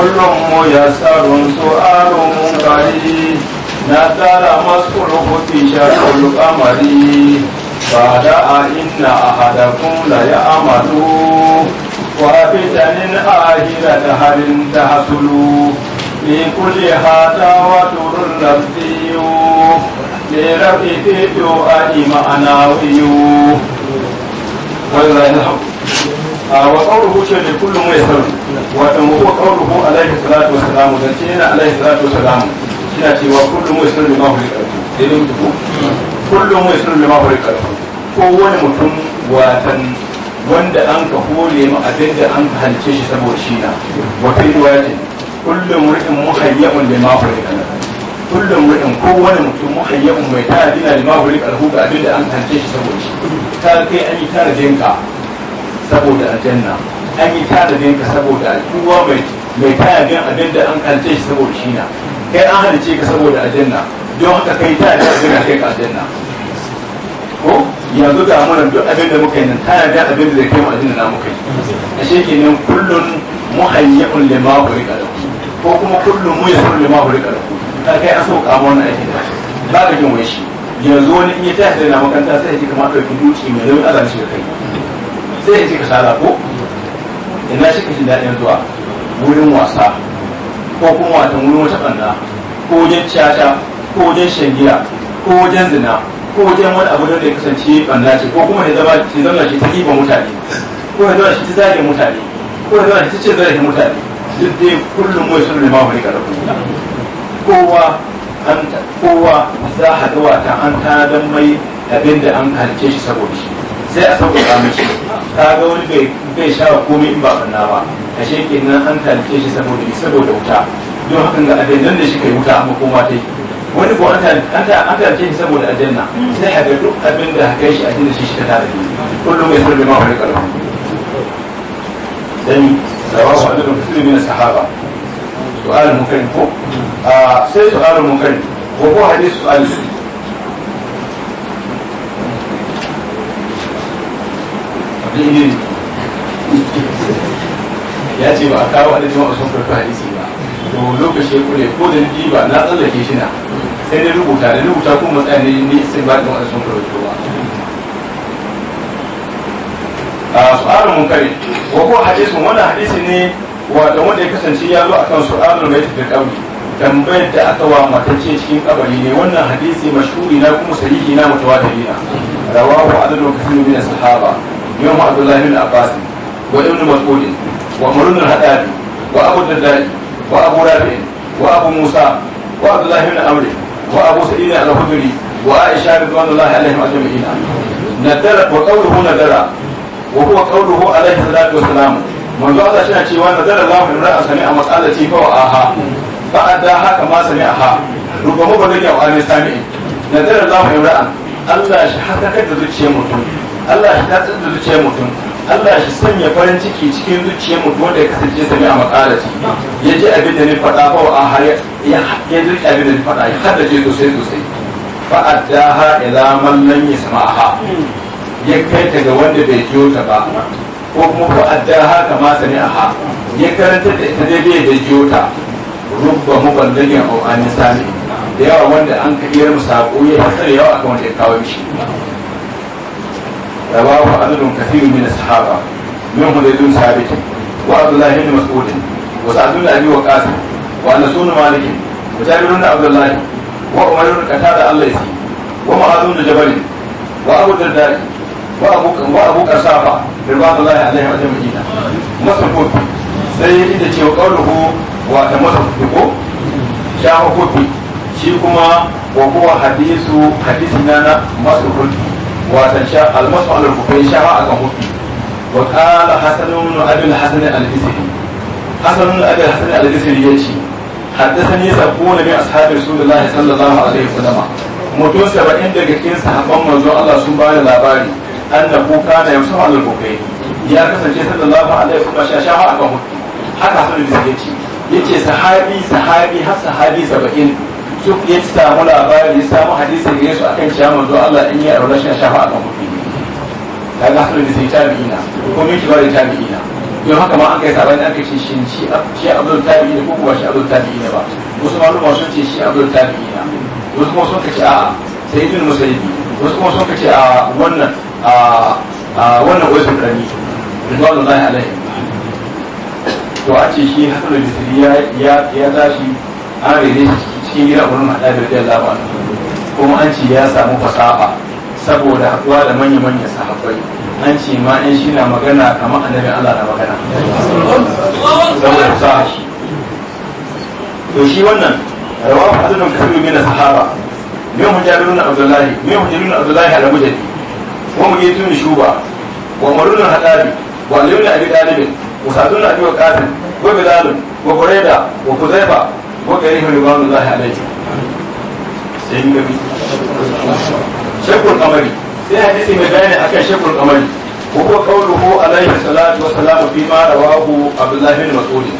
كل ميسر سؤال منكري نزل مسؤوله في شر القمر فهدأ إن أحدكم ليعمل وفتن آهلة هل تحصل في كل هذا وتر النفسي لرفق الدعاء معناوي وإلى الحق wa qawluhu ce ne kullum mai sabu wa dan huwa qawluhu salatu wa salam dan ce yana alaihi salatu wa salam yana cewa kullum mai sabu ma huri karfi dai kullum mai sabu ma huri karfi ko wani mutum watan wanda an ka hore mu abin da an halice shi saboda shi na wa fi riwayatin kullum ri'in muhayyabun lima huri karfi kullum mutum ko wani mutum muhayyabun mai tara dina lima huri karfi da abin an halice shi saboda shi ta kai an yi tara jinka saboda aljanna an yi tanadin ka saboda kowa mai mai tanadin abin da an kance shi saboda shi na kai an halice ka saboda aljanna don haka kai tanadin abin da kai ka aljanna ko yanzu ga mana duk abin da muka yi nan tanadin abin da kai mu aljanna na muka yi a shekenan kullun muhayyun lima hulika ka ko kuma kullun muyassar lima hulika ka ka kai an sauka wannan aiki da ba da jin wai shi yanzu wani in ya tashi da na makaranta sai ya ji kamar ɗauki duci mai nauyin azanci da kai sai ya ce ko ina shi daɗin zuwa wurin wasa ko kuma wata wurin wata ɓanna ko wajen caca ko wajen shangira ko wajen zina ko wajen wani abu da ya kasance ɓanna ce ko kuma ya zama ya zama shi ta ɗiba mutane ko ya zama shi ta zage mutane ko ya zama shi ta ce zage mutane duk dai kullum mai sun lima wani karatu kowa an kowa za a ga wata an tana don mai abin da an halke shi saboda shi sai a sauƙaƙa mishi ka ga wani bai bai sha komai in ba sanna ba a shekin nan an talice shi saboda ni saboda wuta don hakan ga aljannan da shi kai wuta amma koma ta yi wani ko an talice shi saboda aljanna sai haka duk abin da haka shi aljanna shi shi ta tare kullum mai sarbe ma wani karfi dan rawahu annabi muslim min sahaba su'al munkarin ko ah, sai su'al munkarin ko ko hadith su'al ya ce ba a kawo adadin wasu farko hadisi ba to lokaci ya kure ko da ni ba na tsallake shi na sai na rubuta da rubuta kuma matsaya ne ni sai ba da wasu farko ba a su'alun munkari wa ko hadisin wannan hadisi ne wato wanda ya kasance ya zo akan su'alun mai tafi kauli tambayar da aka wa matacce cikin kabari ne wannan hadisi mashuri na kuma sahihi na mutawatirina rawahu adadun kathirun min as-sahaba يوم عبد الله بن عباس وابن مسعود وعمر بن الخطاب وابو الدرداء وابو رافع وابو موسى وعبد الله بن عمرو وابو سعيد الخدري وعائشه رضوان الله عليهم اجمعين ندر وقوله ندر وهو قوله عليه الصلاه والسلام من قال شنا cewa nadara Allah imra'a sami'a mas'alati fa wa'aha fa'ada haka ma sami'aha rubahu badal ya wani sami'i nadara Allah imra'a Allah shi haka kai da zuciyar mutum Allah shi ta da zuciyar mutum Allah shi sanya farin ciki cikin zuciyar mutum wanda ya kasance sami a makara ciki ya ji abin da ni faɗa ba wa har ya ji abin da ni faɗa ya haɗa je sosai sosai fa addaha ila man lam yasma'ha ya kai ta ga wanda bai jiyo ta ba ko kuma fa addaha kama sami'aha ya karanta da ita daidai da jiyo ta rubba muballagin au an sami da yawa wanda an musa ko ya fasar yawa akan wanda ya kawo mishi رواه عدد كثير من الصحابة منهم زيد ثابت وعبد الله بن مسعود وسعد بن أبي وقاص وأنس بن مالك وجابر بن عبد الله وعمر بن قتادة الليثي ومعاذ بن جبل وأبو الدرداء وأبو وأبو كسافة رضوان الله عليهم أجمعين مسعود سيدي da cewa kauruhu wa da masa ko sha hukufi shi kuma wa huwa hadisu hadisina watan sha almasu alal kufai shaha akan hufi wa qala hasan ibn abi hasan al-isri hasan ibn abi hasan al-isri yace haddathani sabuna min ashabi rasulullahi sallallahu alaihi wa wasallam mutum saba'in daga cikin sahabban manzon Allah sun ba da labari annahu kana yamsu alal kufai ya kasance sallallahu alaihi wa sha shaha akan hufi haka hasan al-isri yace yace sahabi sahabi har sahabi saba'in su ya samu labari ya samu hadisi gare su akan cewa manzo Allah in ya aure shi shafa a kan kuɗi kaga hasan da sai tabi'ina ko miki ba da tabi'ina don haka ma an kai sabani an kai shin shi shi abdul tabi'ina ko kuwa shi abdul tabi'ina ba wasu maluma sun ce shi abdul tabi'ina wasu kuma sun kace a sai ibn musayyibi wasu kuma sun kace a wannan a wannan wasu rani ridwanullahi alaihi to a ce shi hasan da ya ya tashi an rene shi cikin ne abu mata da rajin ba kuma an ce ya samu fasaha saboda haɗuwa da manya-manya sahabbai an ce ma in shi na magana kamar annabin Allah na magana saboda fasaha shi to shi wannan rawa fadilun kabiru min sahaba min hujjarun abdullahi min hujjarun abdullahi al-mujadi wa mujidun shuba wa marun hadabi wa alim abi talib wa sadun abi waqasim wa bilal wa qurayda wa kuzaiba وكريم رضوان الله عليه sai mun gabi shekul kamari sai hadisi mai bayani akan shekul kamari wa huwa qawluhu alayhi salatu wa salam fi ma rawahu abdullah bin mas'ud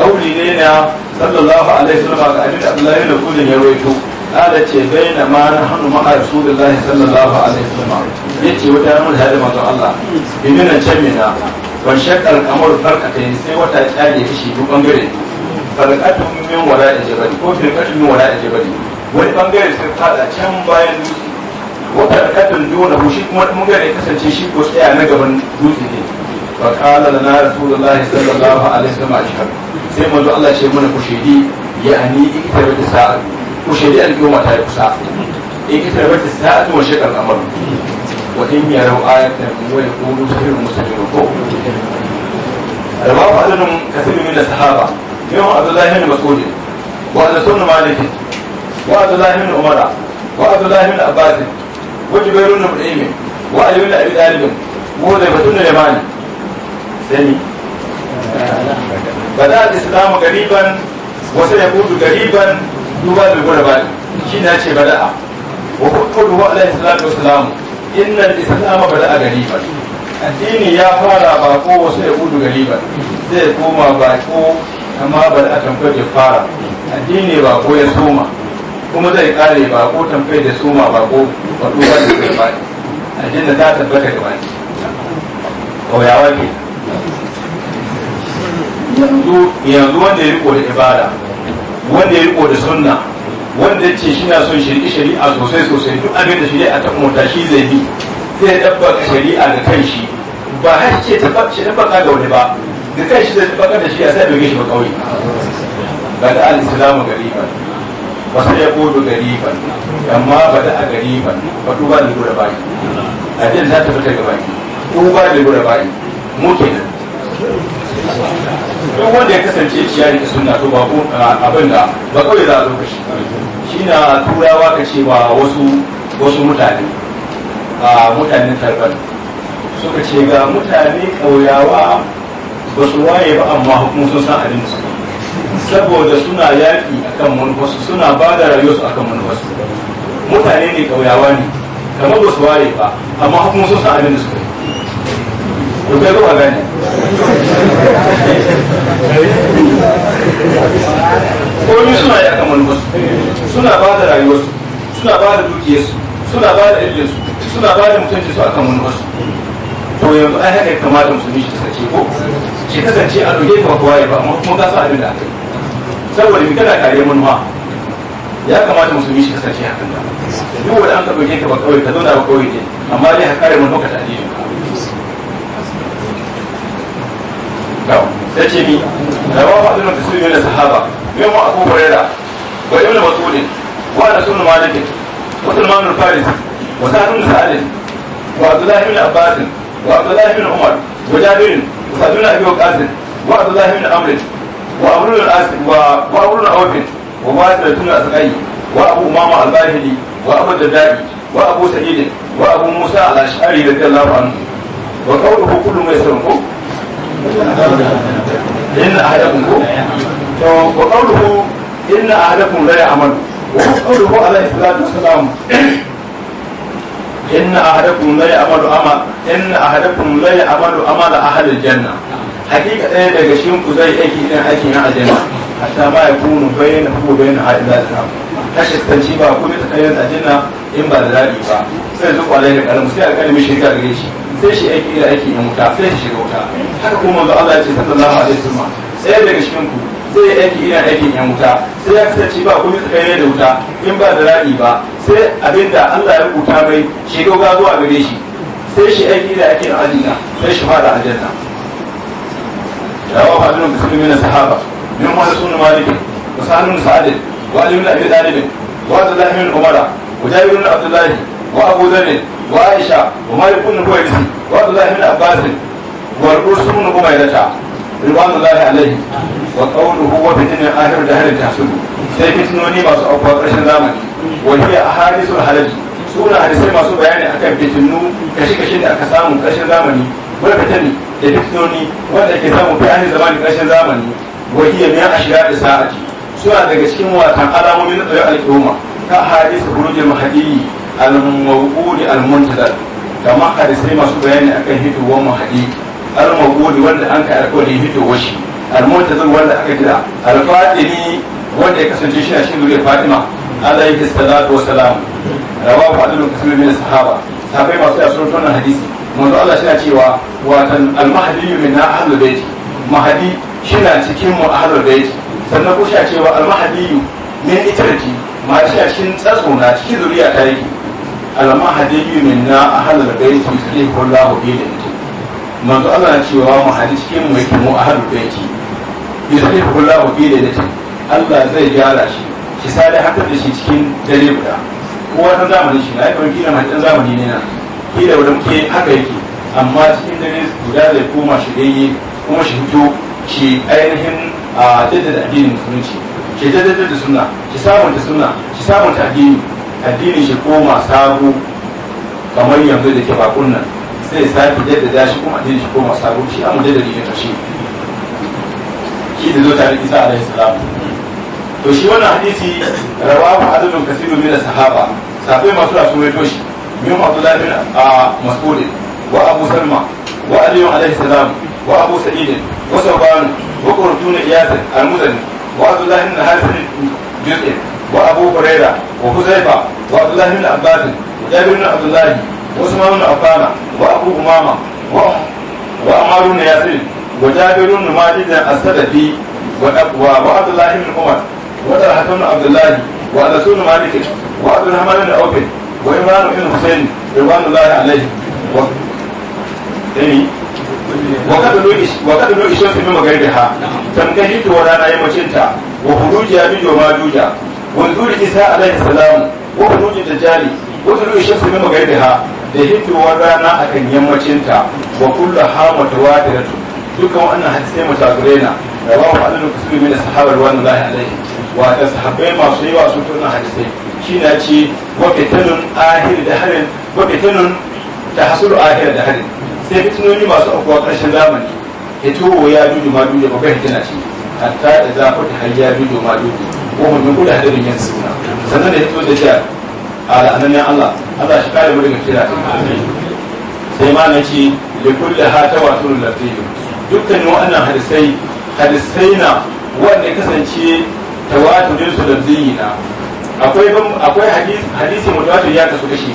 qawli ne na sallallahu alaihi wasallam ga hadisi abdullah bin mas'ud ya ala ce baina ma nahnu ma rasulullahi sallallahu alaihi wasallam yace wata mun hada manzo Allah inna nan ce mina wa shakal kamar farkatai sai wata kyale bangare falakatun min wala da jabali ko firkatun min wala da jabali wani bangare sun fada can bayan dutse wata da dole ko shi kuma mun gare kasance shi ko tsaya na gaban dutse ne fa qala na rasulullahi sallallahu alaihi wasallam ashhad sai manzo Allah ce mana ku shedi yani ikita bi sa'a ku shedi al-yawma ta kusa ikita da bi sa'a wa shakal amr wa in yarau ayatan wa yaqulu sirrun mustajirun ko rawahu adadun kathirun min as-sahaba منهم عبد الله بن مسعود وأنس بن مالك وعبد الله بن عمر وعبد الله بن عباس وجبير بن مريم وعلي بن أبي طالب وحذيفة بن اليماني سمي بدأ الإسلام قريبا وسيكون قريبا يبال بالغرباء شنو شيء بدأ وقوله عليه الصلاة والسلام إن الإسلام بدأ قريبا addini ya fara bako wasu ya gudu gariban zai koma bako amma bar a tamfai da fara addini ba ko ya soma kuma zai kare ba ko tamfai da soma ba ko ba duba da zai bani addini ta tabbata da ko ya ke yanzu yanzu wanda ya riko da ibada wanda ya riko da sunna wanda ce shi na son shirki shari'a sosai sosai duk abin da shari'a ta umarta shi zai bi zai dabba shari'a da kanshi ba har ce ta baka ga wani ba da kai shi da bakar da shi ya sai doge shi ba kauye bada al islamu ba wa sai ya kodo gariban amma bada a gari ba duba da gura a addini za ta fita ga baki duba da gura bayi mu kenan duk wanda ya kasance ciyari da sunna to ba ko abin da ba kawai za a lokaci shi na turawa ka ce ba wasu wasu mutane a mutanen tarban suka ce ga mutane ƙauyawa ba su waye ba amma hukumu sun san abin su saboda suna yaƙi akan manufarsu suna ba da rayuwarsu akan manufarsu mutane ne ƙauyawa ne kamar ba su waye ba amma hukumu sun san abin su ko kai ba gane komai suna yi akan wasu suna ba da rayuwarsu suna ba da dukiyarsu suna ba da illinsu suna ba da mutuncinsu akan wasu to yanzu ai haka kamata musulmi shi ta sake ko shi kasance a ɗauke ka kowa ya ba amma kuma ka san abin da aka yi saboda mu kana kare ma ya kamata musulmi shi kasance hakan da duk wanda an ka ɗauke ka ba kawai ka zauna ba kawai ke amma dai ka kare manuwa ka ta addini sai ce ni da ba ɗin musulmi ne da sahaba mai mu abu hurera ba ibn mas'ud wa rasul malik wa sulman al-faris wa sa'd bin sa'd wa abdullah ibn abbas wa abdullah ibn umar wa jabir سعد بن ابي وقاص وعبد الله بن عمرو وعمرو بن العاص وعمرو بن عوف ومالك بن الاسقي وابو امامه الباهلي وابو الدرداء وابو سعيد وابو موسى الاشعري رضي الله عنه وقوله كل ميسر إن أحدكم وقوله إن أحدكم لا يعمل وقوله عليه الصلاة والسلام inna ahadakum la ya'malu amal inna ahadakum la ya'malu amal ahli janna hakika ɗaya daga cikin ku zai aiki idan aiki na aljanna hatta ma yakunu bayna hu bayna ha'ila ta kashi tsanci ba ku ne tsakanin aljanna in ba da dadi ba sai zu kwalai da karamu sai alƙalmi shi ta gare shi sai shi aiki da aiki in wuta sai shi shiga wuta haka kuma ga Allah ya ce sallallahu alaihi wasallam ɗaya daga cikin ku ya aiki ina aikin yan wuta sai ya kasance ba komai tsakanin da wuta in ba da zira'i ba sai abinda Allah ya rubuta mai shi ga zuwa gare shi sai shi aiki ina aikin aljanna sai shi fara aljanna rawa fadilun musulmi na sahaba min ma da sunan malik wa sanun sa'adin wa alim na abi dalibin wa abdullahi min umara wa jabir bin abdullahi wa abu dharr wa aisha wa malik bin huwaisi wa abdullahi bin abbas wa rusul bin umayyah رضوان الله wa qawluhu wa da ahir dahr tahsul sai fitnoni masu aukuwa ƙarshen zamani wa hiya ahadisul halal sura hadisai masu bayani akan fitinu kashi kashin da aka samu ƙarshen zamani wal fitani da fitnoni wanda ke samu fi ahir zamani ƙarshen zamani wa hiya min da sa'ati suna daga cikin watan alamomin da al'umma ka hadisi khurujul mahdi al-mawqud al-muntazar kamar hadisai masu bayani akan hitowar al wanda an ka alƙawari hitowar almuntazir wanda aka kira alfatimi wanda ya kasance shi a cikin zuriyar fatima alaihi salatu wa salam rawa fadilun kasir min sahaba sahabbai masu yasu wannan hadisi manzo Allah shi na cewa watan almahdi min ahlul bait mahdi shi na cikin mu ahlul bait sannan ko shi cewa almahdi min itrati ma shi a cikin tsatso na cikin zuriya ta yake almahdi min na ahlul bait yusallihu Allahu bi manzo Allah na cewa mu mu yusuf kula wa fi lailati Allah zai gyara shi shi sare haka da shi cikin dare guda ko wani zamanin shi na yakan kila mahaitan zamani ne na kila wanda muke haka yake amma cikin dare guda zai koma shi ganye kuma shi fito shi ainihin a jaddada addinin musulunci shi jaddada da suna shi samunta suna shi samunta addini addinin shi koma sabo kamar yanzu da ke bakun nan sai sake jaddada shi kuma addinin shi koma sabo shi amma jaddada yin shi shi da zo tare isa alaihi salam to shi wannan hadisi rawahu adadun kasirun min sahaba sahabbai masu rasu mai toshi min abdullahi bin mas'ud wa abu salma wa ali alaihi salam wa abu sa'id wa saban wa qurtun iyas al-muzani wa abdullahi bin hasan juz'in wa abu huraira wa huzaifa wa abdullahi bin abbas wa jabir bin abdullahi wa usman bin affan wa abu umama wa wa amaru bin yasir وجابر بن ماجد السلفي وعبد الله بن عمر وطلحة بن عبد الله ورسول مالك وعبد الرحمن بن عوف وامام بن حسين رضوان الله عليهم وقد لو الشمس من مغربها تنكهت ورا نايم شنتا وخروج ياجوج وماجوج وذور عيسى عليه السلام وخروج الدجال وذور الشمس من مغربها da hitowar rana akan yammacinta wa kullu hamatu wadiratu dukkan wannan hadisai mutakurai na da ba mu adadin kusuri mai sahaba ruwan lahi alaihi wa da sahabbai masu yawa sun tona hadisai shi na ce wa fitanun ahir da harin wa fitanun ta hasulu ahir da harin sai fitinoni masu aukuwa ƙarshen zamani tuwo ya juju ma juju babbar hitina ce hatta da za ku ta hayya juju ma juju ko mun da hadarin yin suna sannan da hito da jiya a la'ananin Allah Allah shi kare mu daga kira sai ma na ce da kullu hata wa tunu lafiyu dukkanin waɗannan hadisai hadisai na wanda kasance tawaturin su da zina akwai akwai hadisi hadisi mutawatir ya kasu kashi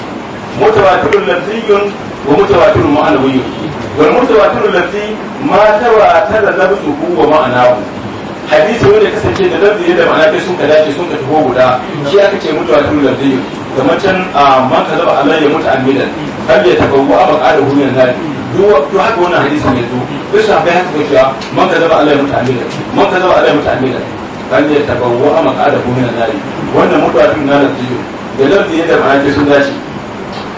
mutawatirun lafziyun wa mutawatirun wani wal mutawatirun lafzi ma tawatara lafzuhu wa ma'anahu hadisi wanda kasance da lafzi da ma'ana kai sun ka dace sun ka tuho guda shi aka ce mutawatirun yun. kamar can a ah, man kazaba alayya muta'ammidan fal yatabawwa maqadahu min an-nar to haka wannan hadisin ya zo sai sahabbai haka ko cewa man kadaba Allah ya muta'amila man ka kadaba Allah ya muta'amila kan ya tabawwa maqadahu min an-nar wannan mutawafin na lafiyo da lafiyo da ma'aji sun dace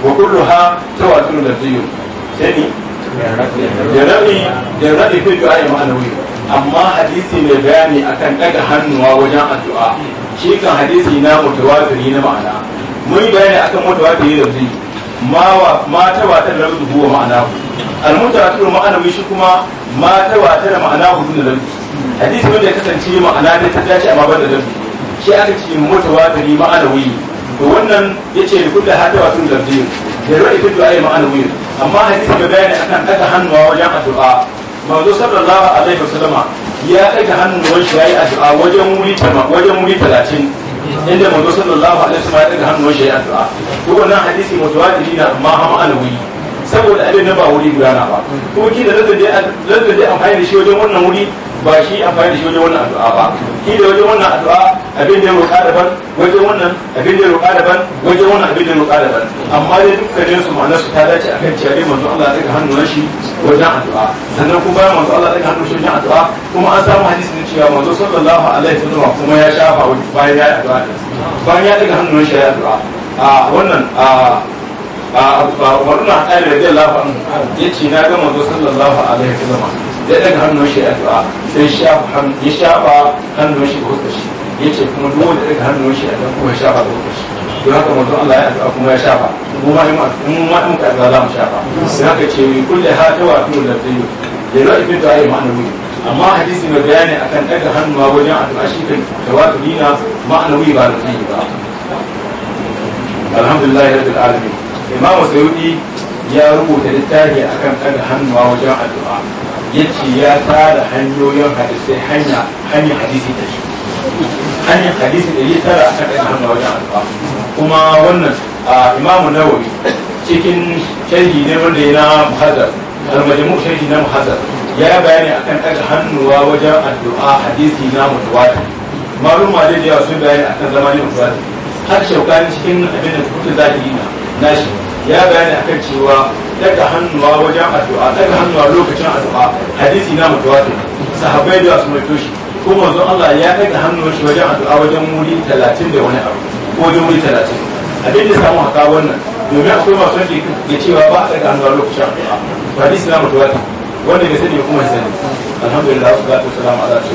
wa kulluha tawatun lafiyo sai ni jarabi jarabi fi ma'ana wuri. amma hadisi mai bayani akan daga hannuwa wajen addu'a shi kan hadisi na mutawafiri na ma'ana mun bayani akan mutawafiri da lafiyo ma ma tawatar lafzu huwa hu al ma'ana ma'anawi shi kuma ma ma'ana hu dun lafzu hadisi wanda ya kasance ma'ana ne ta dace amma ban da lafzu shi aka ce ma'ana ma'anawi to wannan yace da kullu hadawatun lafzi da ruwa ita du'a ma'anawi amma hadisi da bayani akan hannu hannuwa wajen addu'a manzo sallallahu alaihi wasallama ya hannu hannuwan shi yayi addu'a wajen wuri wajen wuri 30 inda manzo sallallahu alaihi wasallam ya daga hannun shi addu'a ko wannan hadisi mutawatiri ne amma ham alwi saboda abin na ba wuri gudana ba kuma ki da lalata da amfani da shi wajen wannan wuri ba shi amfani da shi wajen wannan addu'a ba ki da wajen wannan addu'a abin da ya roƙa daban wajen wannan abin da ya roƙa daban wajen wannan abin da ya roƙa daban amma dai dukkanin su ma'anar su ta dace akan cewa manzo Allah ya hannun shi wajen addu'a sannan kuma bayan manzo Allah ya hannun shi wajen addu'a kuma an samu hadisi ne cewa manzo sallallahu alaihi wasallam kuma ya shafa bayan ya addu'a bayan ya daga hannun shi ya addu'a a wannan a a umaru na ɗan rage lafa na amma hadisi mai bayani akan daga hannuwa wajen addu'a shi kan ma'anawi ba da yi ba alhamdulillah rabbil alamin imam sayudi ya rubuta littafi akan kada hannuwa wajen addu'a yace ya tara hanyoyin hadisai hanya hanyar hadisi da shi hanyar hadisi da ya tara akan kada hannuwa wajen addu'a kuma wannan imam nawawi cikin sharhi ne wanda yana muhazzar al-majmu sharhi na muhazzar ya bayani akan daga hannuwa wajen addu'a hadisi na mutawatir maluma da yawa sun bayani akan zamanin mutawatir har shaukani cikin abin da kuka zaki na nashi ya bayani akan cewa daga hannuwa wajen addu'a daga hannuwa lokacin addu'a hadisi na mutuwatin sahabbai da su mutu toshi ko manzon Allah ya daga hannuwan shi wajen addu'a wajen muri 30 da wani abu ko wajen muri 30 abin da samu haka wannan domin akwai masu wanda ke cewa ba a daga hannuwa lokacin addu'a hadisi na mutuwatin wanda bai sani kuma sani alhamdulillah su gatu salam ala shi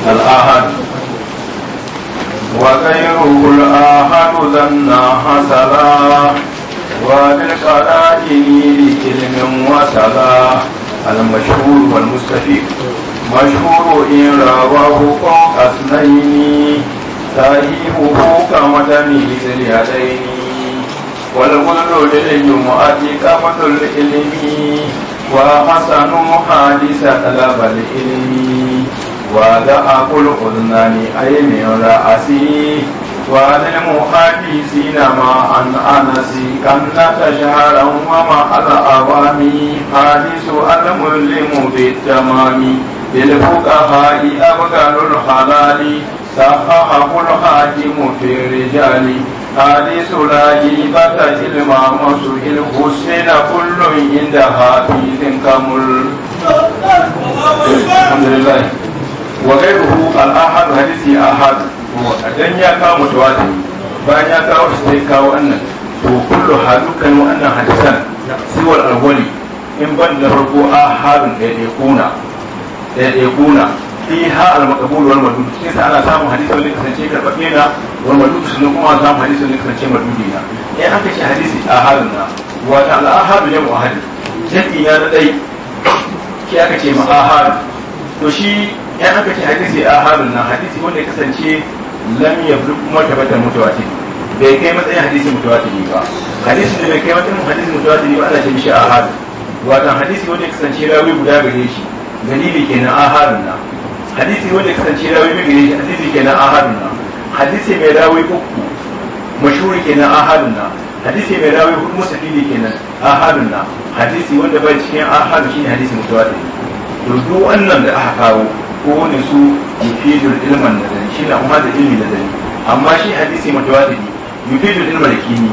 الآهان وغيره الآحد لنا حسلا وبالقرائن لعلم وسلا المشهور والمستفيد مشهور إن رواه فوق أثنين صحيحه كمدمه اليدين والغل للجمعة كمد العلم وحسن حادث طلب العلم wada a kulu ozunani a yi mai ra'asi wada ne mu haɗi si na ma an anasi kan na ta shahara wa ma ala awami haɗi su alamulimu bi tamami bil fuka ha'i abgarul halali sahaha kul haji mu fi rijali hadi sulaji bata ilima masu il husina kullum inda hafizin kamul alhamdulillah wa buhu al-ahad hadisi ahad dan ya kawo mutawatir bayan ya kawo shi sai kawo annan to kullu hadukan wannan hadisan siwal alwali in ban farko ahadun da ya kuna da ya kuna fi ha al-maqbul wal madud sai sa ana samun hadisi wanda kasance karbabbe na wal madud sun kuma samun hadisi wanda kasance madudi na aka ce hadisi na wa ta ahadu na ki aka ce ma shi ya aka ce hadisi a halin nan hadisi wanda ya kasance lam ya bulu martabatar mutawatir bai kai matsayin hadisi mutawatir ba hadisi da bai kai matsayin hadisi mutawatir ba ana ce shi a halin wata hadisi wanda ya kasance rawi guda gare shi dalili kenan a halin nan hadisi wanda ya kasance rawi mai gare shi hadisi kenan a halin nan hadisi mai rawi uku mashuri kenan a halin nan hadisi mai rawi hudu musafili kenan a halin nan hadisi wanda bai cikin a halin ne hadisi mutawatir to duk wannan da aka kawo ko wani su yufidul ilman da dani shi na umma da ilmi da dani amma shi hadisi mutawadidi yufidul ilma da kini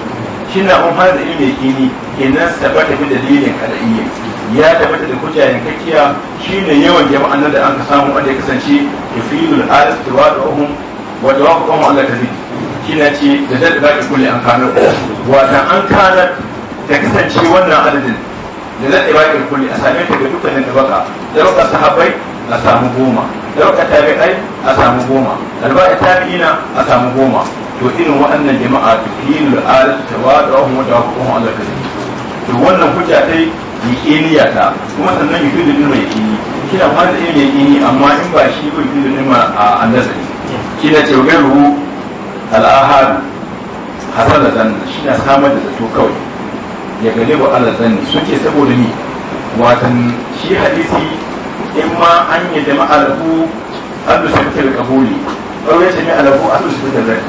shi na umma da ilmi da kini idan sabata bi dalilin kada'iyya ya tabbata da kuta yankakkiya shi ne yawan jama'an nan da an ka samu wanda ya kasance yufidul alas tawaduhum wa tawafuhum ala kadhib shi na ce da dadi baki kulli an kana wata an kana da kasance wannan adadin da zai baki kulli a same ta ga dukkanin da baka da baka sahabbai a samu goma dauka ai a samu goma alba'i tabi'ina a samu goma to irin waɗannan jama'a tufilul alatu tawadu'uhum wa tawakkaluhum ala zai to wannan ta yi yakiniya ta kuma sannan yudu da yi yakini kina ma da yi yakini amma in ba shi ba yudu nima a annasari kina ce gairu al'ahadu hasar da zanna shi na samar da zato kawai ya gale wa ala zanni suke saboda ni watan shi hadisi imma an yi jama alafu an da sarki da kabuli ɗau ya jami alafu an da sarki da zaki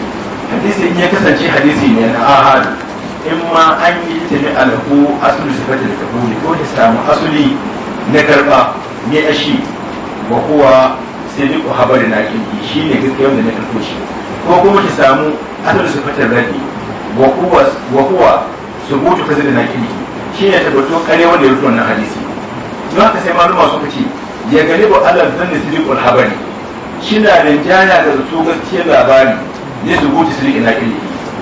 hadisi in ya kasance hadisi ne na ahad imma an yi jami alafu asulu sifati da kabuli ko ya samu asuli na karba ne a shi wa kuwa sai duk habari na kinki shi ne gaskiya wanda na karɓo shi ko kuma ki samu asulu sifati da zaki wa kuwa wa kuwa da na kinki shi ne tabbato kare wanda ya rubuta wannan hadisi Yau haka sai malu masu ce ya gani ba alal zan da kun habari shina rinjaya da jana da zato gaskiyar labari ne gudu zubuti ina kiri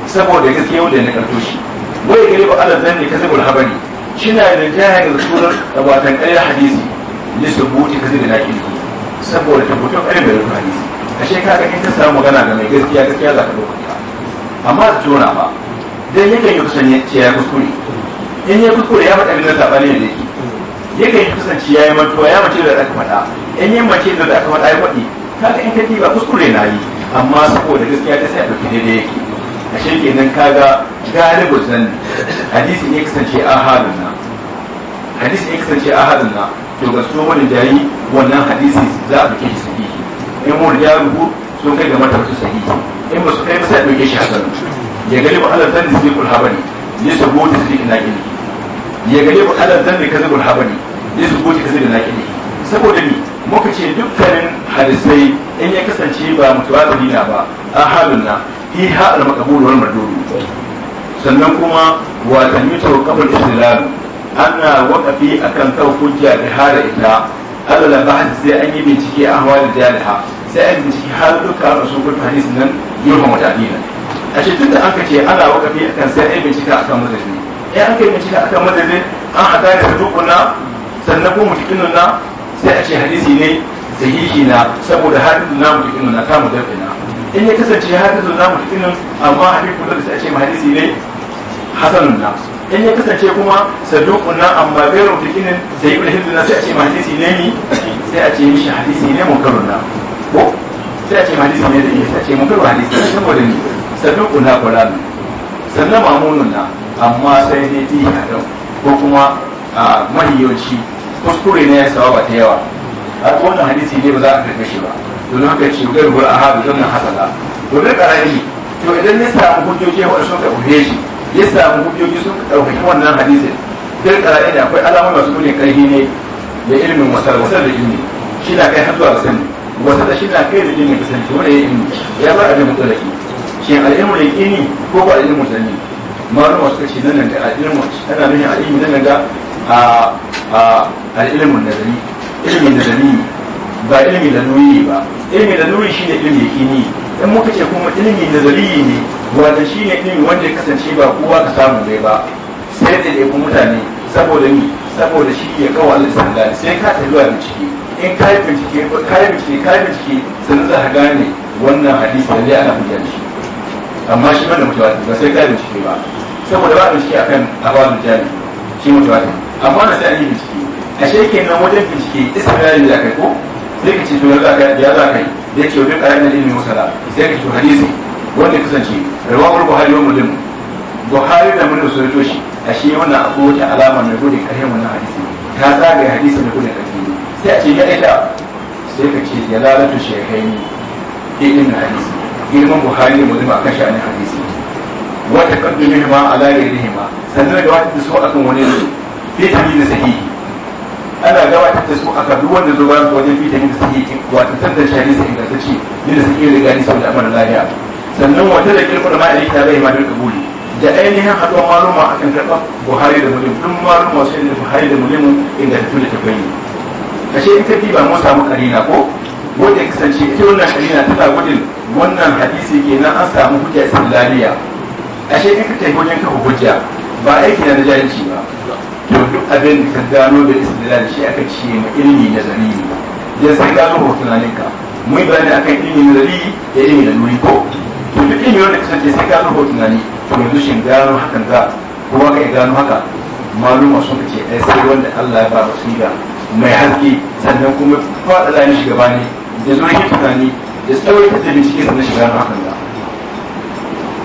saboda gaskiya da na karto shi wai gani ba alal zan ka kasabul habari shina rinjaya da jana da zato da watan ƙaryar hadisi ne gudu zubuti kasabul kiri saboda tabbatar ƙaryar da rufin hadisi a shekara kakin ta samu gana da mai gaskiya gaskiya za ka ɗauka amma da tona ba dan yakan yi kusan ya kuskure in ya kuskure ya faɗa abin da saɓani da yake yake ya kasance ya yi mantuwa ya mace da aka faɗa in yi mace da aka faɗa ya faɗi kaga in kaji ba kuskure na yi amma saboda gaskiya ta sai a ɗauki daidai yake a shirke nan kaga galibu zan hadisi ne kasance a halin na hadisi ne kasance a halin na to ga su wani jari wannan hadisi za a ɗauke shi sahihi in mun ya rubu sun kai ga matarsu sahihi in ba su kai ba sai a ɗauke shi hasan ya galibu ala zanni sai kulhabani ne saboda sai na ilimi ya galibu ala zanni kazibul habani da su goce kasar da na saboda ni muka ce dukkanin hadisai in ya kasance ba mutawazili na ba a halin na hi ha makabulu maqbul wal sannan kuma wa tanmitu qabl islam ana waqafi akan kan hujja da hada ita alal bahth sai an yi bincike a hawalin jaliha sai an bincike har duka rasul hadis nan yurfa mutadina a shi tunda aka ce ana waqafi akan sai an bincika akan madadin in aka yi bincika akan madadin an hada da dukuna sannan ko mutukin na sai a ce hadisi ne sahihi na saboda hadin na mutukin na ta mudaffina in ya kasance hadin na mutakinun amma hadin kudin sai a ce hadisi ne hasanun na in ya kasance kuma saduqun na amma bai mutukin sai ibn hibban na sai a ce hadisi ne ni sai a ce mishi hadisi ne munkarun na ko sai a ce hadisi ne da sai a ce munkarun hadisi ne saboda ni saduqun na qur'an sannan mamunun na amma sai ne ti hadau ko kuma a mahiyoci kuskure ne ya sawa ba ta yawa a wannan hadisi ne ba za a karɓe shi ba don haka ci gari ruwa a haɗu don hasala domin ƙarami to idan ya samu hujjoji wanda sun ka ɗauke shi ya samu hujjoji sun ka ɗauke wannan hadisin duk ƙarami da akwai alamun masu nuna ƙarfi ne da ilimin wasar wasar da ilimi shi na kai har da sani wasa da shi na kai da ilimin kusanci wanda ya ilimi ya ba a da mutsalaki shin al'ilmu yaƙini ko ba al'ilmu zanni malum wasu kashi nan nan a al'ilmu tana nuna a nan nan da A al'ilmin nazari ilimin nazari ba ilimin laluri ba ilimin laluri shine ilimin ni in muka ce kuma ilimin nazari ne wanda shine ilimi wanda ya kasance ba kowa ka samu dai ba sai da ɗaiɗaikun mutane saboda ni saboda shi ya kawo Allah sanda sai ka tafi zuwa bincike in ka yi bincike ka yi bincike ka yi bincike sannan za ka gane wannan hadisi lalle ana hujjar shi amma shi da mutuwa ba sai ka yi bincike ba saboda ba bincike akan abawan mutane shi mutuwa ne. amma na sai an yi bincike a shekin nan wajen bincike isra'ila da kai ko sai ka ce to ya za ka yi ya ce wajen ƙarar da ilimin musala sai ka ce hadisi wanda kasance rawahul buhari wa muslim buhari da mun so yato shi a shi wannan abu wata alama mai gudun ƙarfin wannan hadisi ta zagaye hadisi da gudun ƙarfi sai a ce ya ɗaya sai ka ce ya lalata shekai ilimin hadisi ilimin buhari da muslim a kashe ne hadisi wata kaddu mihima ala gairihima sannan da wata su akan wani ne fi tabi da sahihi ana gabatar da su akan duk wanda zo bayan wajen fi tabi da sahihi wato tantance hadisi ingantacce yadda suke riga ni saboda amarin lafiya sannan wata da kirkul ma ta bai ma dirka buli da ainihin haɗuwa maluma a kan karɓar buhari da mulim ɗin maluma su da buhari da mulim ingantattun da tabbayi kashe ita fi ba mun samu karina ko wanda ya kasance ita wannan karina tana gudun wannan hadisi kenan an samu hujja istilaliya ashe in ka tafi wajen kafa hujja ba aiki na jahilci ba to duk abin da ka gano da istidlal shi aka ce ma ilmi da dalili ya sai gano ne ka mun bayani akan ilmi da dalili da ilmi da nuri ko to duk ilmi wanda kasance sai gano ne to yanzu shin gano hakan ga kuma ka gano haka maluma sun ce ai sai wanda Allah ya ba basira mai haske sannan kuma faɗa da shi gaba ne da zuwa shi tunani da tsawon ta tabi cikin sannan shiga na hakan da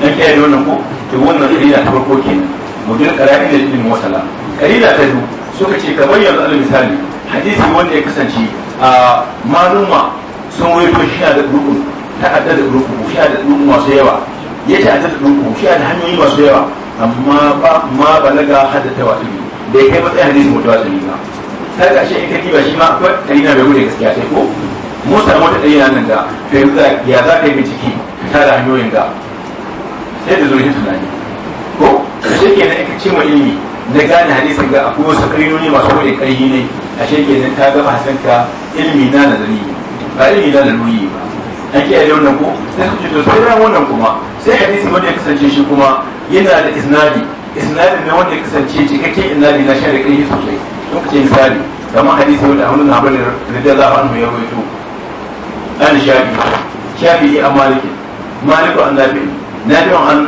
dan kiyaye da wannan ko to wannan ƙarya ta farko kenan mu dinga ƙara'in da ilmin wasala da ta biyu suka ce ka bayyana alal misali hadisi wanda ya kasance a maluma sun ko shi da rukun ta'addar da rukun shi da rukun masu yawa ya ta'addar da rukun shi da hanyoyi masu yawa amma ba ma balaga haddata wasu da ya kai matsayin hadisi mutawa ta ba ta ga shi in ka kiba shi ma akwai dalila bai gode gaskiya sai ko musa mota yana nan da kai ya za ka yi bincike ta da hanyoyin da sai da zuwa tunani ko shi kenan in ka ce ilimi na gane hadisin ga akwai wasu ƙarinoni masu wani ƙarfi ne a shekenan ta gama ka ilmi na nazari ba ilmi na laluri ba an kiyaye da wannan ko sai su ce to sai ran wannan kuma sai hadisi wanda ya kasance shi kuma yana da isnadi isnadi ne wanda ya kasance cikakken isnadi na shari'a kai sosai lokacin misali kamar hadisi wanda da bin za a hannu ya rawaito an shafi shafi ya maliki maliku an nafi nafi an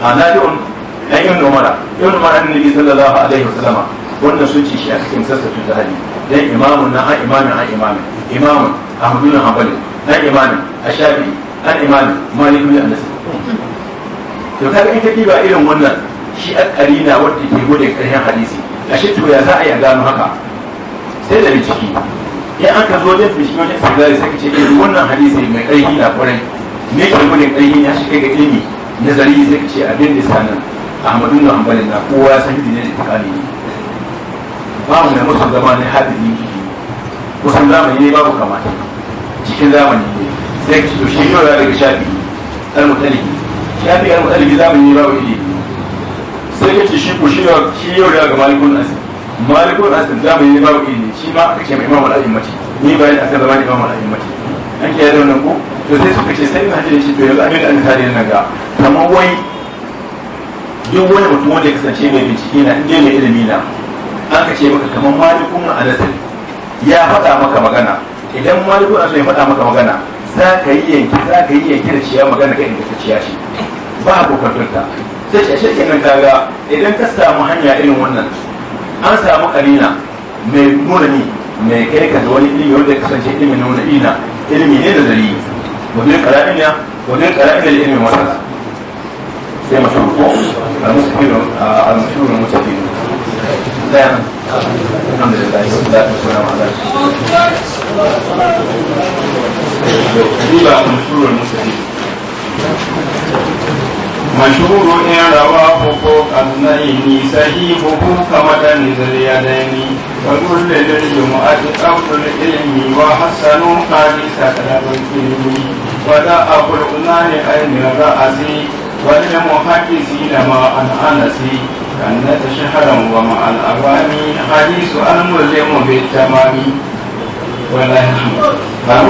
a nafi na ibn umar ibn umar annabi sallallahu alaihi wa wasallam wannan sun ce shi a cikin sassafen zahabi dan imamun na imamin an imamin imamun ahmadu bin hanbali na imamin ashabi an imamin malik bin anas to kaga in kake ba irin wannan shi a karina wanda ke gode karshen hadisi ashe to ya za a yi gano haka sai da bincike in aka zo da bincike wajen sigari sai ka ce irin eh, wannan hadisi mai karfi na kwarai ne ke gode karfi ya shi kai ga ilimi nazari sai ka ce abin da sanan ahmadu da hanbalin na kowa ya san shi ne itikali ne babu ne musu zama ne hadiri musu zamani ne babu kamata cikin zamani ne sai ki to shi yau daga shafi al-mutalibi shafi al-mutalibi zamani ne babu ilimi sai ka ce shi ko shi shi yau daga malikun nasi malikun nasi zamani ne babu ilimi shi ma aka ce mai imamu al mace ni bayan asir zama imamu al mace an ke yadda wannan ko to sai suka ce sai ina hajji da shi to yanzu abin da an tare na ga kamar wai duk wani mutum wanda ya kasance mai bincike na inda mai ilimi na an ka ce maka kamar malikun anasin ya faɗa maka magana idan malikun anasin ya faɗa maka magana za ka yi yanki za ka yi yanki da ciya magana ka inda ka ciya shi ba ku kwantarta sai ce shi kenan kaga idan ka samu hanya irin wannan an samu kalina mai nuna ni mai kai ka da wani ilimi wanda ya kasance ilimi nuna ina ilimi ne da dalili wani kara'ina wani kara'ina da ilimin masana sai a musu al-mustaqil al-mashhur al-mustaqil da alhamdulillah da kuma ma'ana riba al-mashhur al-mustaqil مشهور إن رواه فوق النين صحيحه كما تنزل اليدين وكل للجمعة قول العلم وحسن قادس طلب a ولا أقول أناني أين رأسي wannan mafaki da ma al'ana su yi kan na ta wa ma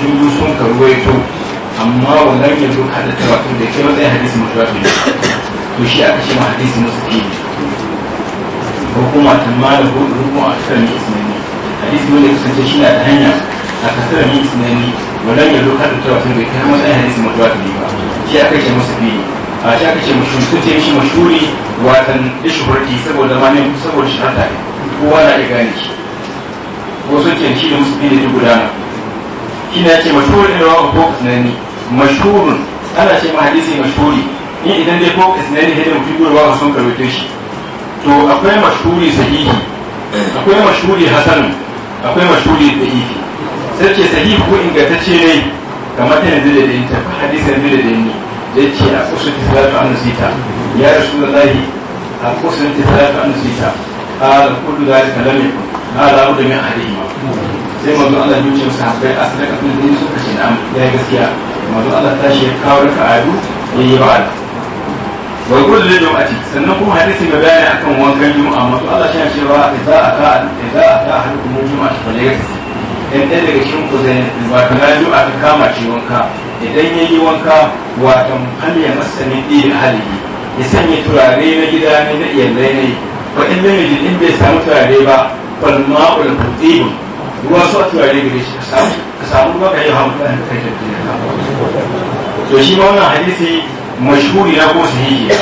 mu hadisi wanda amma wannan ke zo hada ta wato da ke matsayin hadisi ne to shi aka ce ma hadisi ne. ko kuma tamma da ko rukun a cikin mai hadisi wanda da kasance shi na da hanya a kasar mai ismaili wannan ke zo hada ta wato da ke matsayin hadisi mutawafi ba shi aka ce musulmi a shi aka ce mashuri shi mashuri watan ishurti saboda ma ne saboda shahada kowa na iya gane shi wasu ce shi da ke ne ta gudana shi ne ya ce mashuri ne wa ko kasnani mashhurun ana ce ma hadisi mashhuri ni idan dai ko isnadi ne da mutum ba sun karbe shi to akwai mashhuri sahihi akwai mashhuri hasan akwai mashhuri da'ifi sai ce sahihi ko ingantacce ne kamar ta yanzu da da inta hadisi yanzu da da ne da ce a kusa tisalatu an sita ya rasulullahi a kusa tisalatu an zita قال كل ذلك a يكن هذا لابد من ma sai manzo Allah ya ce masa hakai a sanaka tun da suka ce na'am ya yi gaskiya manzo Allah ta shi kawo raka adu ya yi ba'ada wa kullu jum'ati sannan kuma hadisi ga bayani akan wankan juma'a manzo Allah shi a idza aka idza aka ahadukum juma'a fa laysa in ɗaya daga cikin ku zai ta na juma'a ta kama shi wanka idan ya yi wanka wato hali ya masa ne ɗin halihi ya sanya turare na gida ne na iyalai ne ba in da mijin in bai samu turare ba falma'ul kutibun ruwa su a turare gare shi ka samu ruwa ka yi hamu ta hanyar kai da to shi ma wannan hadisi mashhuri na ko sahihi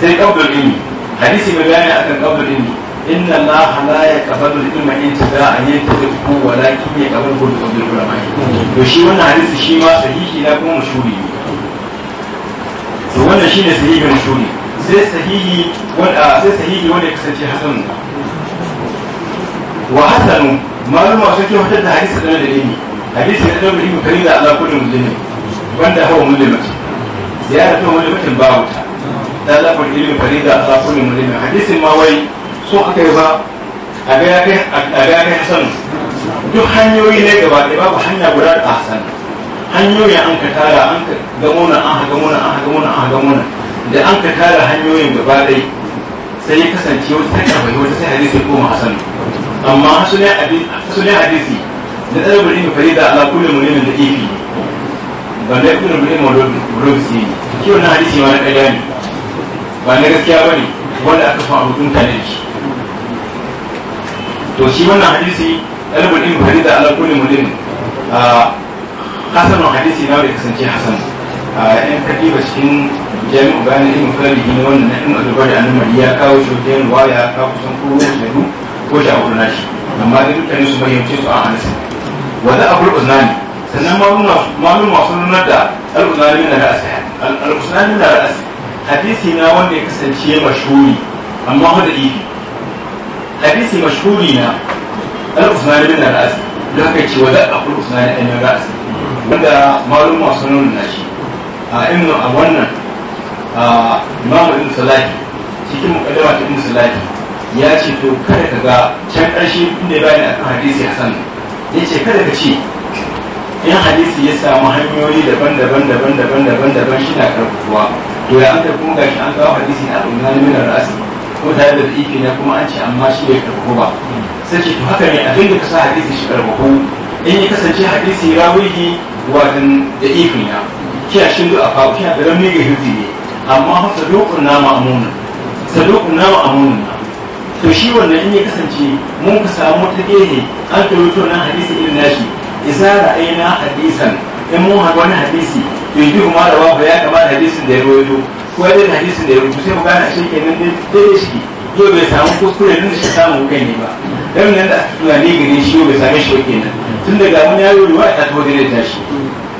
sai qabdul ilmi hadisi mai bayani akan qabdul ilmi inna Allah la yaqbalu an yaqbalu qabdul ulama to shi wannan hadisi shi ma sahihi na ko mashhuri to wannan shine sahihi mashhuri sai sahihi wanda sai sahihi wanda kasance hasan wa hasanu malama sun kyautar da hadisi da ilmi hadisi da ilmi kalila ala da muslimin wanda hawa mulimatin ziyarar ta mulimatin ba wuta ta lafar ilimin farida a lafar mulimin hadisin ma wai so aka yi ba a ga ya kai hasan duk hanyoyi ne gaba ɗaya babu hanya guda da hasan hanyoyin an ka tara an ka gamo na an ha gamo na an ha gamo na an ha gamo na da an ka tara hanyoyin gaba ɗaya sai ya kasance wata ta karɓa wata sai hadisi koma hasan amma su ne hadisi da ɗaya bari mu farida ala kulli mulimin da ifi ba na ibn ibn mulusi shi wannan hadisi ma na ƙarya ne ba ne gaskiya ba ne wanda aka fa hukunta ne shi to shi wannan hadisi ɗalibin ibn farida ala kulli mudin hasanun hadisi na da kasance hasan yan katiba cikin jami'u bayanin ibn farida ne wannan na ibn al a an ya kawo shi wajen waya ka kusan kowa da ko da abu na shi amma dukkanin su bayyance su a hadisin wanda abul uznani sannan maluma sun nuna da al-musulmi na ra'asi al-musulmi na ra'asi hadisi na wanda ya kasance mashhuri amma wanda ibi hadisi mashhuri na al-musulmi na ra'asi da haka ce wa za'a kullu sunani an ra'asi wanda maluma sun nuna shi a a wannan a imamu ibnu cikin mukaddama ta ibnu ya ce to kada ka ga can karshe inda bayani akan hadisi hasan ya kada ka ce in hadisi ya samu hanyoyi daban-daban daban-daban daban-daban shi na karbuwa to ya amsa kuma gashi an kawo hadisi na ɗungani nuna ra'asi ko tare da ifi na kuma an ce amma shi bai karbu ba sai ce to haka ne abin da ka sa hadisi shi karbu in ya kasance hadisi rawihi wajen da ifi na kiya shi duk a fawo kiya da ramin ga hirzi ne amma hasa dokun na ma'amunan sadokun na ma'amunan to shi wannan in ya kasance mun ka samu ta gehe an karuto nan hadisi irin nashi isa aina hadisan in mun haɗu wani hadisi yujibu ma da wafa ya kama da hadisin da ya rawaito ko ya da hadisin da ya rubutu sai mu gane shi nan dai shi yau bai samu kuskure din da shi samu kai ne ba dan nan da tunani gare shi bai same shi nan tun daga mun yaro ruwa ta to dare da shi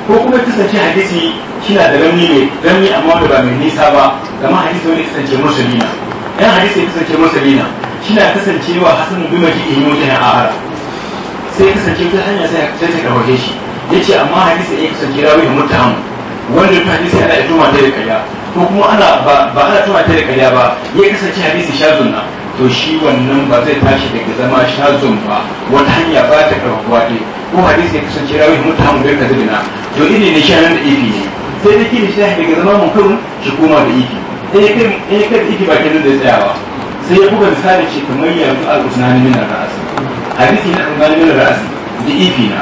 ko kuma kasance hadisi kina da ramni ne rami amma da ba mai nisa ba kamar hadisi wani kasance musulmina yan hadisi kasance musulmina kina kasancewa hasan bima kike yi mutum a ahara sai kasance ta hanya sai ta ta karwaje shi ya ce amma hadisi ya kasance rawi da mutaham wanda ta hadisi ana tuma ta da karya ko kuma ana ba ana tuma ta da karya ba ya kasance hadisi shazun na to shi wannan ba zai tashi daga zama shazun ba wata hanya ba ta karwaje ko hadisi ya kasance rawi da mutaham da zubina to ini ne shanan da ifi ne sai da kini shi daga zama munkarun shi koma da ifi in ya kai da ifi ba kenan da tsayawa sai ya buga misali ce kamar yanzu al-usnani min al-ra'as hadisi na albani da ra'asi da ifi na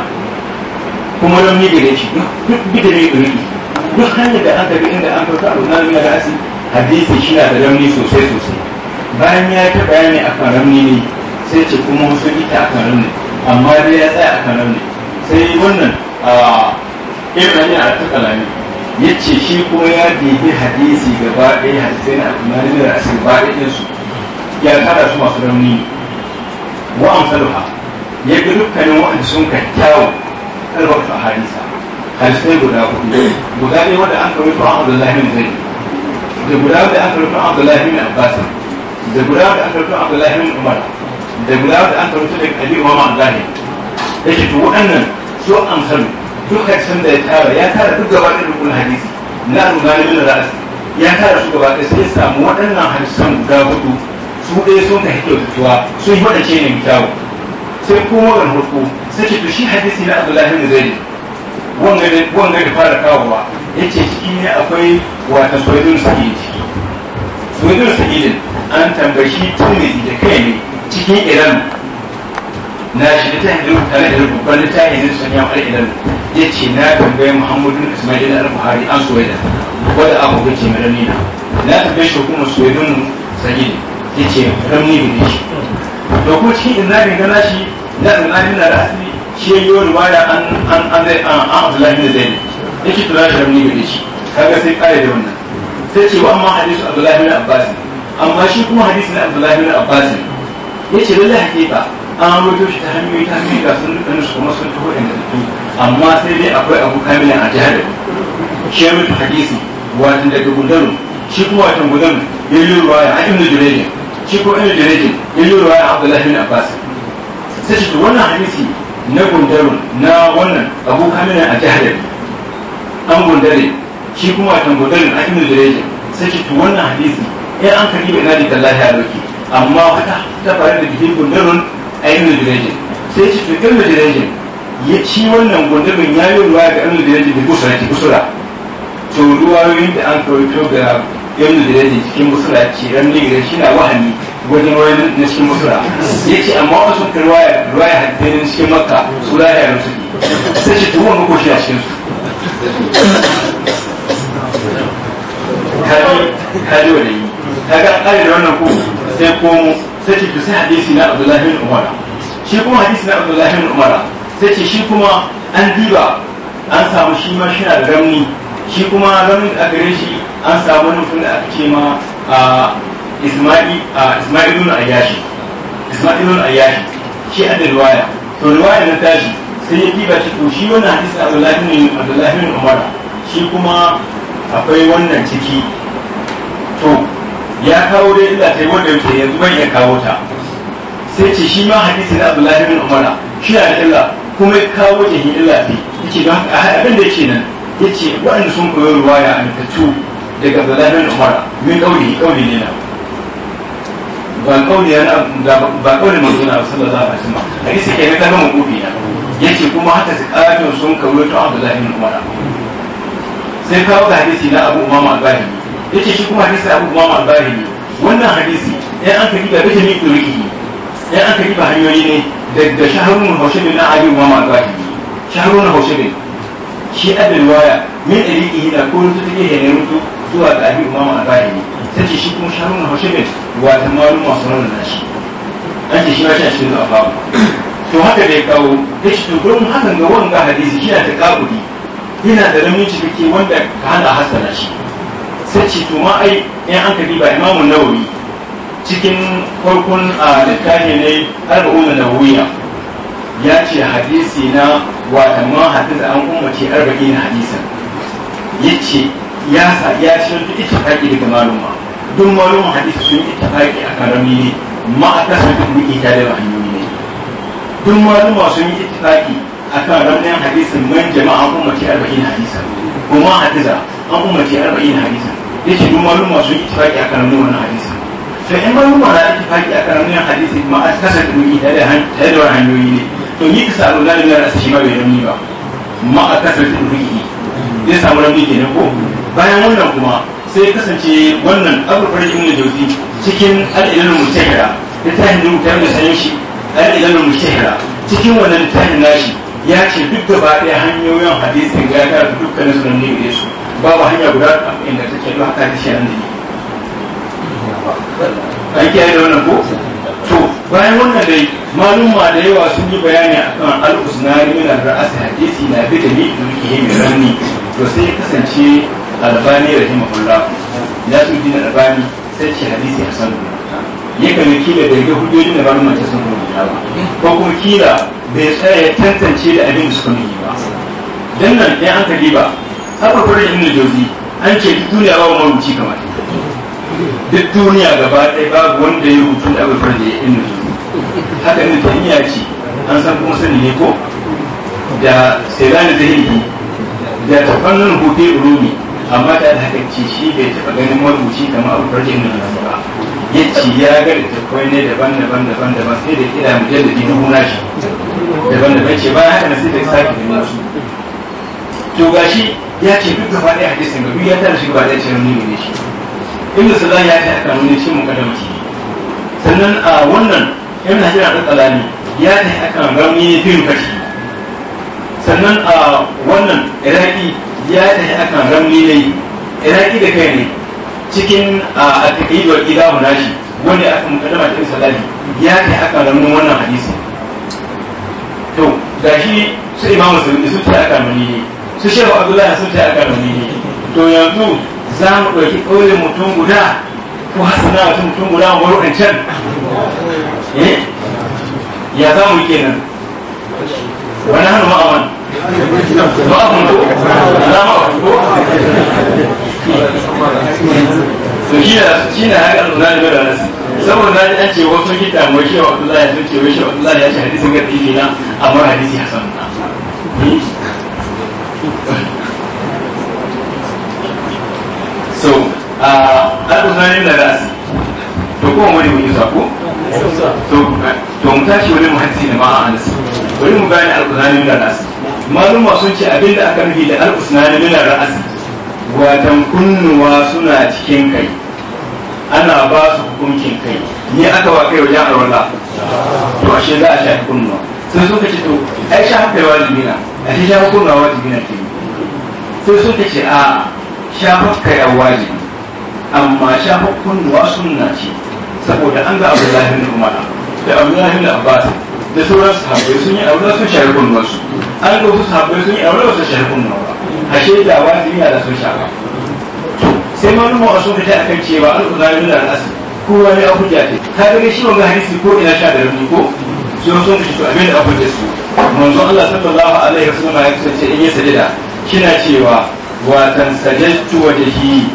kuma don ni gare shi duk bida ne ɗuriki duk hanyar da aka bi inda an kauta abu na mina ra'asi hadisi shi na da ramni sosai sosai bayan ya ta bayani a kan ramni ne sai ce kuma wasu ita a kan ramni amma dai ya tsaya a kan ramni sai wannan ibrahim a ta kalami ya ce shi kuma ya bibi hadisi gaba ɗaya hadisai na abu na mina ra'asi gaba ɗayansu ya kada su masu ramni ne wa amsaluha ya bi dukkanin wa'anda sun ka kyawu albarka a hadisa hadisai guda hudu guda ne wanda an karbi fa'an abdullahi bin zaid da guda wanda an karbi fa'an abdullahi bin abbas da guda wanda an karbi fa'an abdullahi bin umar da guda wanda an karbi daga abi umama abdullahi yake to waɗannan su amsalu duk hadisan da ya tara ya tara duk gaba da rukun hadisi na al-ghalibin ra'asi ya tara su sai ya samu waɗannan hadisan guda hudu su ɗaya sun ta hito mutuwa sun yi waɗance ne kyawu sai kuma wani hulku sai ce to shi hadisi na abdullahi da zai wanga da fara kawowa ya ce ciki ne akwai wata soyadun ciki soyadun sakilin an tambayi shi tirmidhi da kai ne cikin iran na shi da yi rubuta tare da rubuta da tahin sun yawon al'idan ya ce na tambayi muhammadu ismail al-buhari an soyadun wadda aka kwace mai na tambayi shi hukumar soyadun sakili ya ce ramni da shi da kuma cikin inzami gana shi na tsanani na da asiri shi ya yi wa an an an zai an an abdullahi bin zaid ya ce tura shi ramni da shi kaga sai kare da wannan sai ce wa amma hadisu abdullahi bin abbas amma shi kuma hadisi na abdullahi bin abbas ya ce lallai hakika an rubuto shi ta hanyoyi ta hanyoyi ga sun dukkanin su kuma sun taho ingantattu amma sai dai akwai abu kamilin a jihar shi ya mutu hadisi watan daga gudanar shi kuma watan gudanar ya yi ruwaya a ibnu jirage shi ko ibn jarir ya yi ruwaya abdullahi bin abbas sai shi wannan hadisi na gundaru na wannan abu kamina a jihar an gundare shi kuma watan gundarin a ibn jarir sai shi wannan hadisi ya an kari bai nadi kallahi ya dauki amma wata ta faru da jikin gundarun a ibn jarir sai shi da jarir ya ci wannan gundarin ya yi ya ga ibn jarir da gusura to ruwayoyin da an kawo ga yadda da yadda cikin musula ce ran ne da shi na wahani wajen wani na cikin musula ya ce amma wasu ka ruwaya ruwaya haddadin cikin makka su ruwaya yaran su sai shi tuwon muku shi a cikin su kaji wa yi ta kaga kare da wannan ko sai mu. sai ce sai hadisi na abdullahi bin umara shi kuma hadisi na abdullahi bin umara sai ce shi kuma an diba an samu shi ma shi na da ramni shi kuma zaman da aka shi an samu nufin da aka ce ma a isma'ilun ayyashi isma'ilun ayyashi shi a da ruwaya to ruwaya na tashi sai ya kiba shi to shi wannan hadisi abdullahi bin abdullahi bin umar shi kuma akwai wannan ciki to ya kawo dai illa yi wanda yake yanzu bai iya kawo ta sai ce shi ma hadisi na abdullahi bin umar shi na da illa kuma ya kawo jahin illa ce yake yi haka abin da yake nan yace waɗanda sun koyo ruwaya amintattu daga Abdullahi umara min kauli kauli ne na ba kauli ya ba kauli manzo na sallallahu alaihi wasallam hadisi ke ne kana mugubi na yace kuma haka zakatun sun koyo ta Abdullahi bin umara sai kawo ga hadisi na Abu Umama al-Bahili yace shi kuma hadisi Abu Umama al-Bahili wannan hadisi ya an ka riba da jami'i ɗuriki ya an ka riba hanyoyi ne daga shaharun haushe na abu Umama al-Bahili shaharun haushe shi abin waya min ɗariƙi da ko wani take da ya mutu zuwa ga abin umama ne sai ce shi kuma shanu na haushe mai wata malum masu nan da shi an ce shi ma shi a cikin zafafu to haka da ya kawo ta shi to gurin hakan ga wanga hadisi shi na ta kaburi yana da ramin cikakke wanda ka hana hasana shi sai ce to ma ai in an ka diba imamun nawawi cikin farkon a littafi ne da nawawiya ya ce hadisi na wata hadis an ummace arba'in hadisan ya ce ya sa ya ce ita ittifaqi daga maluma Don maluma hadisi sun ittifaqi a karami ne ma a kasa duk muke ita da hanyoyi ne don maluma sun yi ittifaqi a kan ramin hadisin man jama'a an ummace arba'in hadisan kuma hadisa an ummace arba'in hadisan ya ce don maluma sun ittifaqi a kan ramin hadisan. sai in maluma na ittifaqi a kan ramin hadisin ma a kasa duk da ita da hanyoyi ne to yi isa da lalin da shi ba bai nuni ba ma a kasar da ruhi zai samu ke kenan ko bayan wannan kuma sai kasance wannan abu farin ibn jauzi cikin al'ilalul mutahira da tahin hindu ta yi sanin shi al'ilalul mutahira cikin wannan tahin shi ya ce duk ba ɗaya hanyoyin hadisin ga ya su nan ne gare su babu hanya guda inda take ba haka ta shi nan da yi. da wannan ko? to bayan wannan dai maluma da yawa sun yi bayani akan al-usnani min da asa hadisi na bi da liƙi mai ranni to sai kasance albani rahimahullah ya su dina albani sai ce hadisi san ya kan kila da ga hujjojin da maluma ta sun rubuta ba ko kuma kila bai tsaya ya tantance da abin da suka ba dan nan ya an ka diba haka kuma ibn jawzi an ce duniya ba mu rubuci kamar duk duniya gaba ɗaya babu wanda ya rubutu da abin farji ya inna haka ne tamiya ce an san kuma sani ne ko da sirani zahiri da tafannin hudu urumi amma ta da ce shi bai taɓa ganin marubuci ma abin farji inna ba ya ce ya ga littattafai ne daban-daban daban-daban sai da kira jalladi dubu na shi daban-daban ce bayan haka na sai da sake ganin wasu to gashi ya ce duk gaba ɗaya hadisin ga duk ya tara shi gaba ɗaya ce ne shi inda su sulaiman ya ce akan wani shi mukaddamanci sannan a wannan ibn hajar al-asqalani ya ce akan rauni ne fi lokaci sannan a wannan iraki ya ce akan rauni ne iraki da kai ne cikin a taqidul idahu nashi wanda aka mukaddama da ibn sulaiman ya ce akan rauni wannan hadisi to shi su imamu su ta akan rauni ne su shehu abdullahi sun ta akan rauni ne to yanzu za mu ɗauki ƙaunin mutum guda ko na mutum mutum guda mu wurin can eh? ya za mu kenan wani hannu ma'aman ma'aman ko mu ma'aman ko Su shi su shi na haka al'ula na da nasi saboda na ji an ce wasu hita mu shi wa Abdullahi ya wa shi wa Abdullahi ya ce hadisin ga dini na amma hadisi hasan na hmm? so a zaɓin sanin da rasi to kuma wani mun yi sako to mu tashi wani muhaddisi da ma'a wani mu gane alƙusanin da rasi maluma sun ce abin da aka nufi da alƙusanin da rasi watan kunnuwa suna cikin kai ana ba su hukuncin kai ni aka wa kai wajen alwala to ashe za a shafi kunnuwa sai suka ce to ai shafi kai wajibi na ashe shafi kunnuwa wajibi na ke sai suka ce a'a shafafka ya waje, amma shafar kunnuwa sunna ce saboda an ga abdullahi bin umar da abdullahi bin abbas da sauran sahabbai sun yi aure sun shafi kunnuwarsu an ga wasu sahabbai sun yi aure wasu shafi kunnuwa ba ashe da wajibi yana da sun shafa sai malama wasu fita a kan cewa an qurani zai nuna rasu kowa ne abu da ke ka ga shi wannan hadisi ko ina sha da rabu ko Su sun sun shi abin da abu da su manzo Allah sallallahu alaihi wasallam ya kusance in ya sadida kina cewa watan sajattu wajhi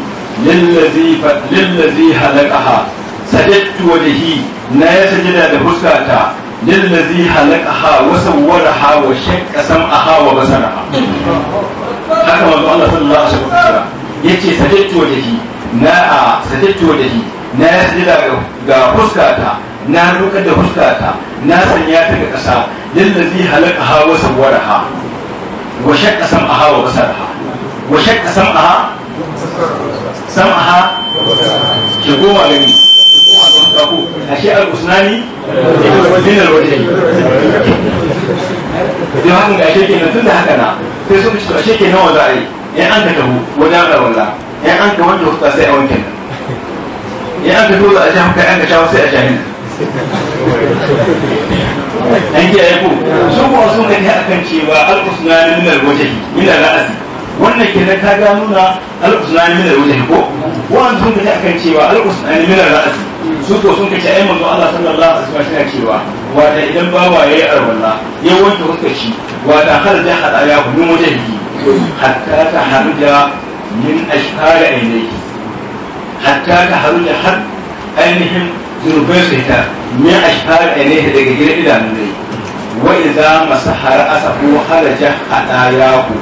lillazi lillazi halaqaha sajattu wajhi na ya sajida da fuskata lillazi halaqaha wa sawwara ha wa shakka sam aha wa basara haka manzo Allah sallallahu alaihi wasallam yace sajattu wajhi na a sajattu wajhi na ya sajida ga fuskata na ruka da fuskata na sanya ta ga kasa lillazi halaqaha wa sawwara ha wa shakka sam aha wa basara وشك سمعها سمعها شكوما غني أشياء الأسنان من الوجهين don haka ga shi kenan tun da haka na sai sun ci shi kenan wa za a yi in an ka tahu wajen alwala in an ka wanke hukuta sai a wanke in an ka tahu a sha haka an ka sai a sha hin sun cewa min wannan kenan ka ga nuna al-usnani min al-wajh ko wannan sun kace akan cewa al-usnani min al-ra's su ko sun kace ai manzo Allah sallallahu alaihi wasallam yana cewa wata idan bawa yayi arwalla ya wanke fuskar shi wata kharaja hadaya min yi. hatta ta harja min ashkari ainihi hatta ta harja har ainihin zurbai sai ta min ashkari ainihi daga gidan idanun dai. masu hara masahara asahu haraja ya ku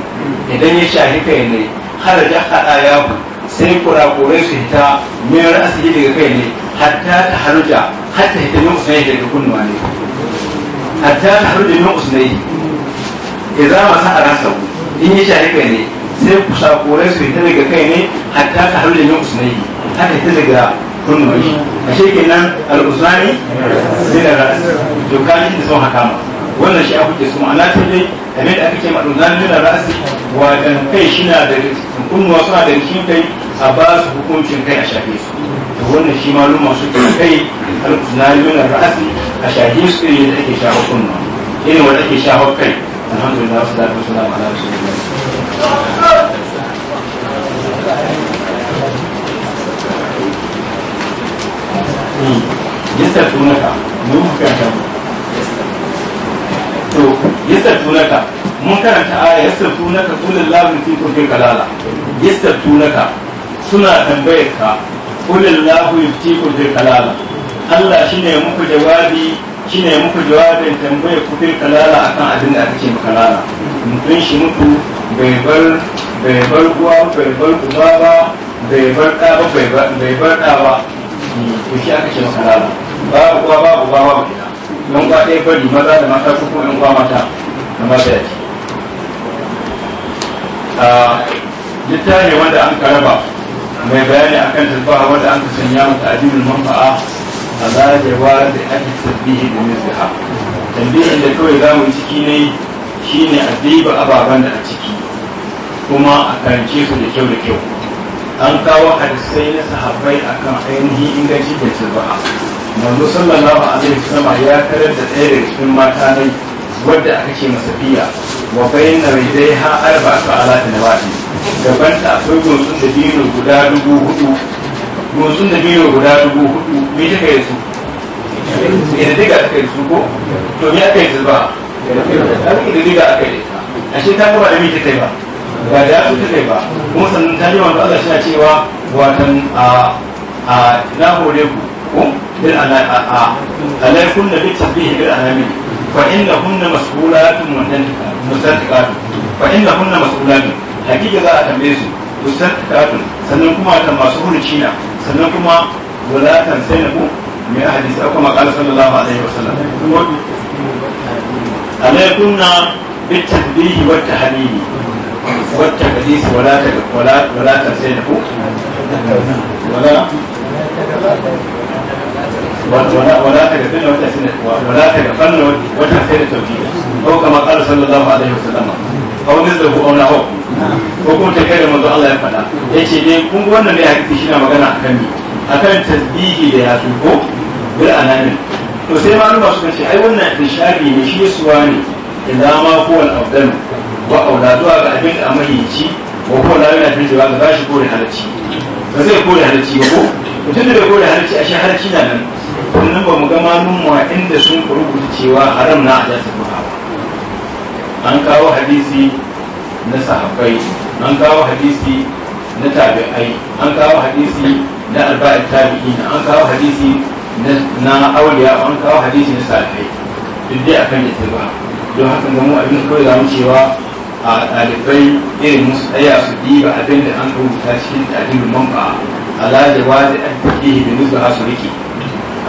idan ya shahi kai ne haraja ya ku sai kurakurai su hita mayar asiri daga kai ne hatta ta haruja hatta hita min usnai daga kunnuwa ne hatta ta haruja mai usunai ya za masu hara masahara asahu in ya shahi kai ne sai kurakurai su hita daga kai ne hatta ta haruja mai usunai hatta hita daga kunnuwa ne a shekenan al-usnani min ra'asi to kaji da sun haka ma wannan shi abu ke su ma'ana ta dai kamar da aka ce ma dunzan nuna ra'asi dan kai shi na da kunnuwa suna da rikin kai a ba su hukuncin kai a shafe su to wannan shi ma lumma su ke kai alkunan nuna ra'asi a shafe su ne da ake shafa kunnuwa irin wanda ake shafa kai alhamdulillah su zafi su lamana su ne yasta hmm. tunaka mun hukunta mu to tunaka mun karanta aya yastatunaka kullu lahu fi kulli kalala tunaka suna tambayar ka kullu lahu fi kulli kalala Allah shine muku jawabi shine muku jawabin tambayar ku fi kalala akan abin da aka ce kalala tun shi muku bai bar bai bar kuwa bai bar ku ba bai bar ka ba bai bar ka ba ku hmm, shi aka ce kalala ba Babu ba uba ba yan uwa ɗaya fari maza da mata ko kuma yan uwa mata da mata yake littafi wanda an karaba mai bayani akan tasbaha wanda an ka sanya mata addinin manfa'a a zagewa da ake tasbihi da nasiha tambihin da kawai za mu ciki ne shine addiba ababen da a ciki kuma a karance su da kyau da kyau an kawo hadisai na sahabbai akan ainihin ingancin da tasbaha manzo sallallahu alaihi wasallam ya karar da ɗaya daga cikin mata ne wadda aka ce masa fiya wa bayyana mai dai ha arba ka alati da wati gaban ta akwai gonsun da biyu guda dubu hudu gonsun da biyu guda dubu hudu me ta kai su idan diga ta kai su ko to me aka yi zuba idan diga aka yi ashe ta kuma da me ta kai ba ba da su kai ba kuma sannan ta yi wanda Allah shi cewa watan a na hore ku ko عليكن بالتنبيه بالأنامل فإنهن مسؤولات مستدقات فإنهن مسؤولات حقيقة ذا أتميز مستدقات سننكما تماسهون شينا سننكما ولا تنسينكم من أحاديث أو كما قال صلى الله عليه وسلم عليكن بالتنبيه والتحليل والتقديس ولا ولا ولا تنسينكم ولا ولا تغفل وتحسن ولا تغفل وتحسن التوجيه أو كما قال صلى الله عليه وسلم أو نزله أو نحوه ko kuma ta kai da manzo Allah ya faɗa ya ce dai kun wannan ne a kici shi na magana akan ni akan tasbihi da ya yasu ko bil anamin to sai maluma suka ce ai wannan inshabi ne shi suwa ne idan ma ko al afdalu wa auladuwa ga abin da amahici wa ko la yana fi jiwa ga ko kore halacci ba zai ko kore halacci ba ko mutum da ko kore halacci a shi halacci na nan wannan ba mu ga malum ma inda sun rubuta cewa haram na ala su ba an kawo hadisi na sahabbai an kawo hadisi na tabi'ai an kawo hadisi na arba'in tabi'i an kawo hadisi na auliya an kawo hadisi na sahabbai duk dai akan ya ba don haka ga mu abin kawai zamu cewa a ɗalibai irin musu ɗaya su diba abin da an rubuta cikin ɗalibin manfa ala jawazi an tafihi da nuzuha su rike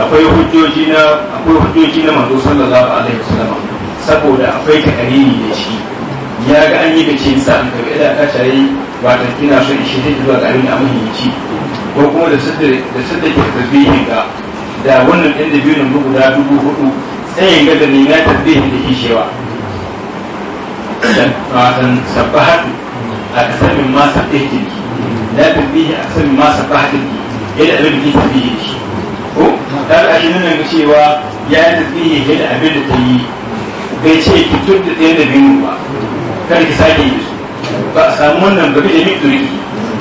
akwai hujjoji na akwai hujjoji na manzo sallallahu alaihi wasallam saboda akwai takariri da shi ya ga an yi gace sa an karbi da ka tare ba ta kina so shi shirye zuwa garin abin da muhimmanci ko kuma da sadda da sadda ke tabbihi ga da wannan ɗan da biyu nan da dubu hudu sai ga da ne na tabbihi da shi shewa san sabbahatu a kasamin ma sabbihin da tabbihi a kasamin ma sabbahatin yadda abin da ke tasbihin shi ko ta da shi nuna ga cewa ya yi tafiye ke da abin da ta yi bai ce ki tun da ɗaya da biyu ba kar ki sake yi su ba a samu wannan ba bai da miki turki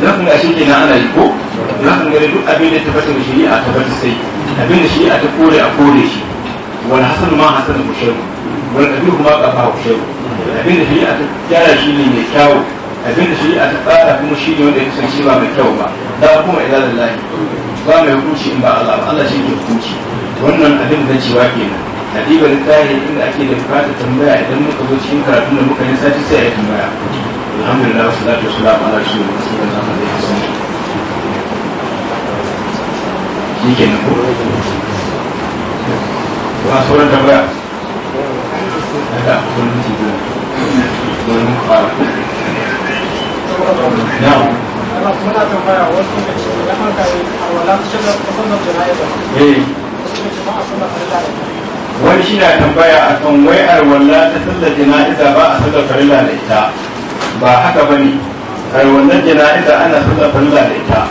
don kun gashi ke na ana yi ko don kun gani duk abin da tabbatar da shari'a tabbatar sai abin da shari'a ta kore a kore shi wani hasan ma hasan mu shehu wani abin kuma ƙafa mu shehu abin da shari'a ta kyara shi ne mai kyawu abin da shari'a ta tsara kuma shi ne wanda ya kasance ba mai kyau ba da kuma ilalar lahi ba mai hukunci in ba Allah ba Allah shi ne hukunci wannan abin da cewa kenan hadiba littafi inda ake da bukatar tambaya idan muka zo cikin karatun da muka yi sati sai ya tambaya alhamdulillah wasu lafi wasu lafi ala shi ne wasu lafi ala ya ne shi ke nan ko ba sauran tambaya daga wani eh. shi na tambaya a kan wai alwala ta sallar jana'iza ba a sallar farilla da ita ba haka ba ne alwallar jana'iza ana sallar farilla da ita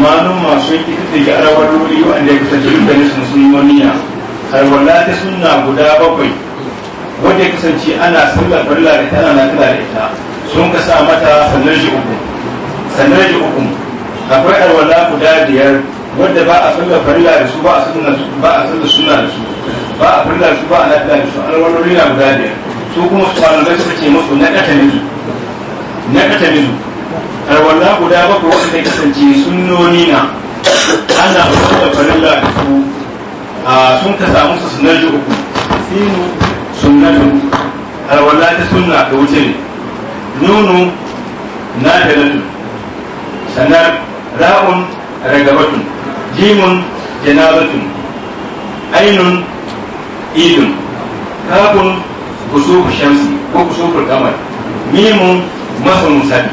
malum masu yi ita da arawar wuri wanda ya kasance dukkanin sun sun maniya alwala ta sunna guda bakwai wanda ya kasance ana sallar farilla da ita ana nafila da ita sun ka sa mata sannan shi uku sannan da uku akwai alwala guda biyar wadda ba a sallar farilla da su ba a sallar ba a sallar sunna da su ba a farilla da su ba a lafiya da su alwaloli na guda biyar su kuma su malamai suka ce musu na katamizu na katamizu alwala guda bakwai wanda ya kasance sunnoni na ana sallar farilla da su sun ka samu su sunar ji uku sinu sunnatu alwala ta sunna ta wuce ne nunu na da natu sannan ra'un ragabatun jimun janabatun ainun idun kafun kusufu shamsi ko kusufu kamar mimun masu musali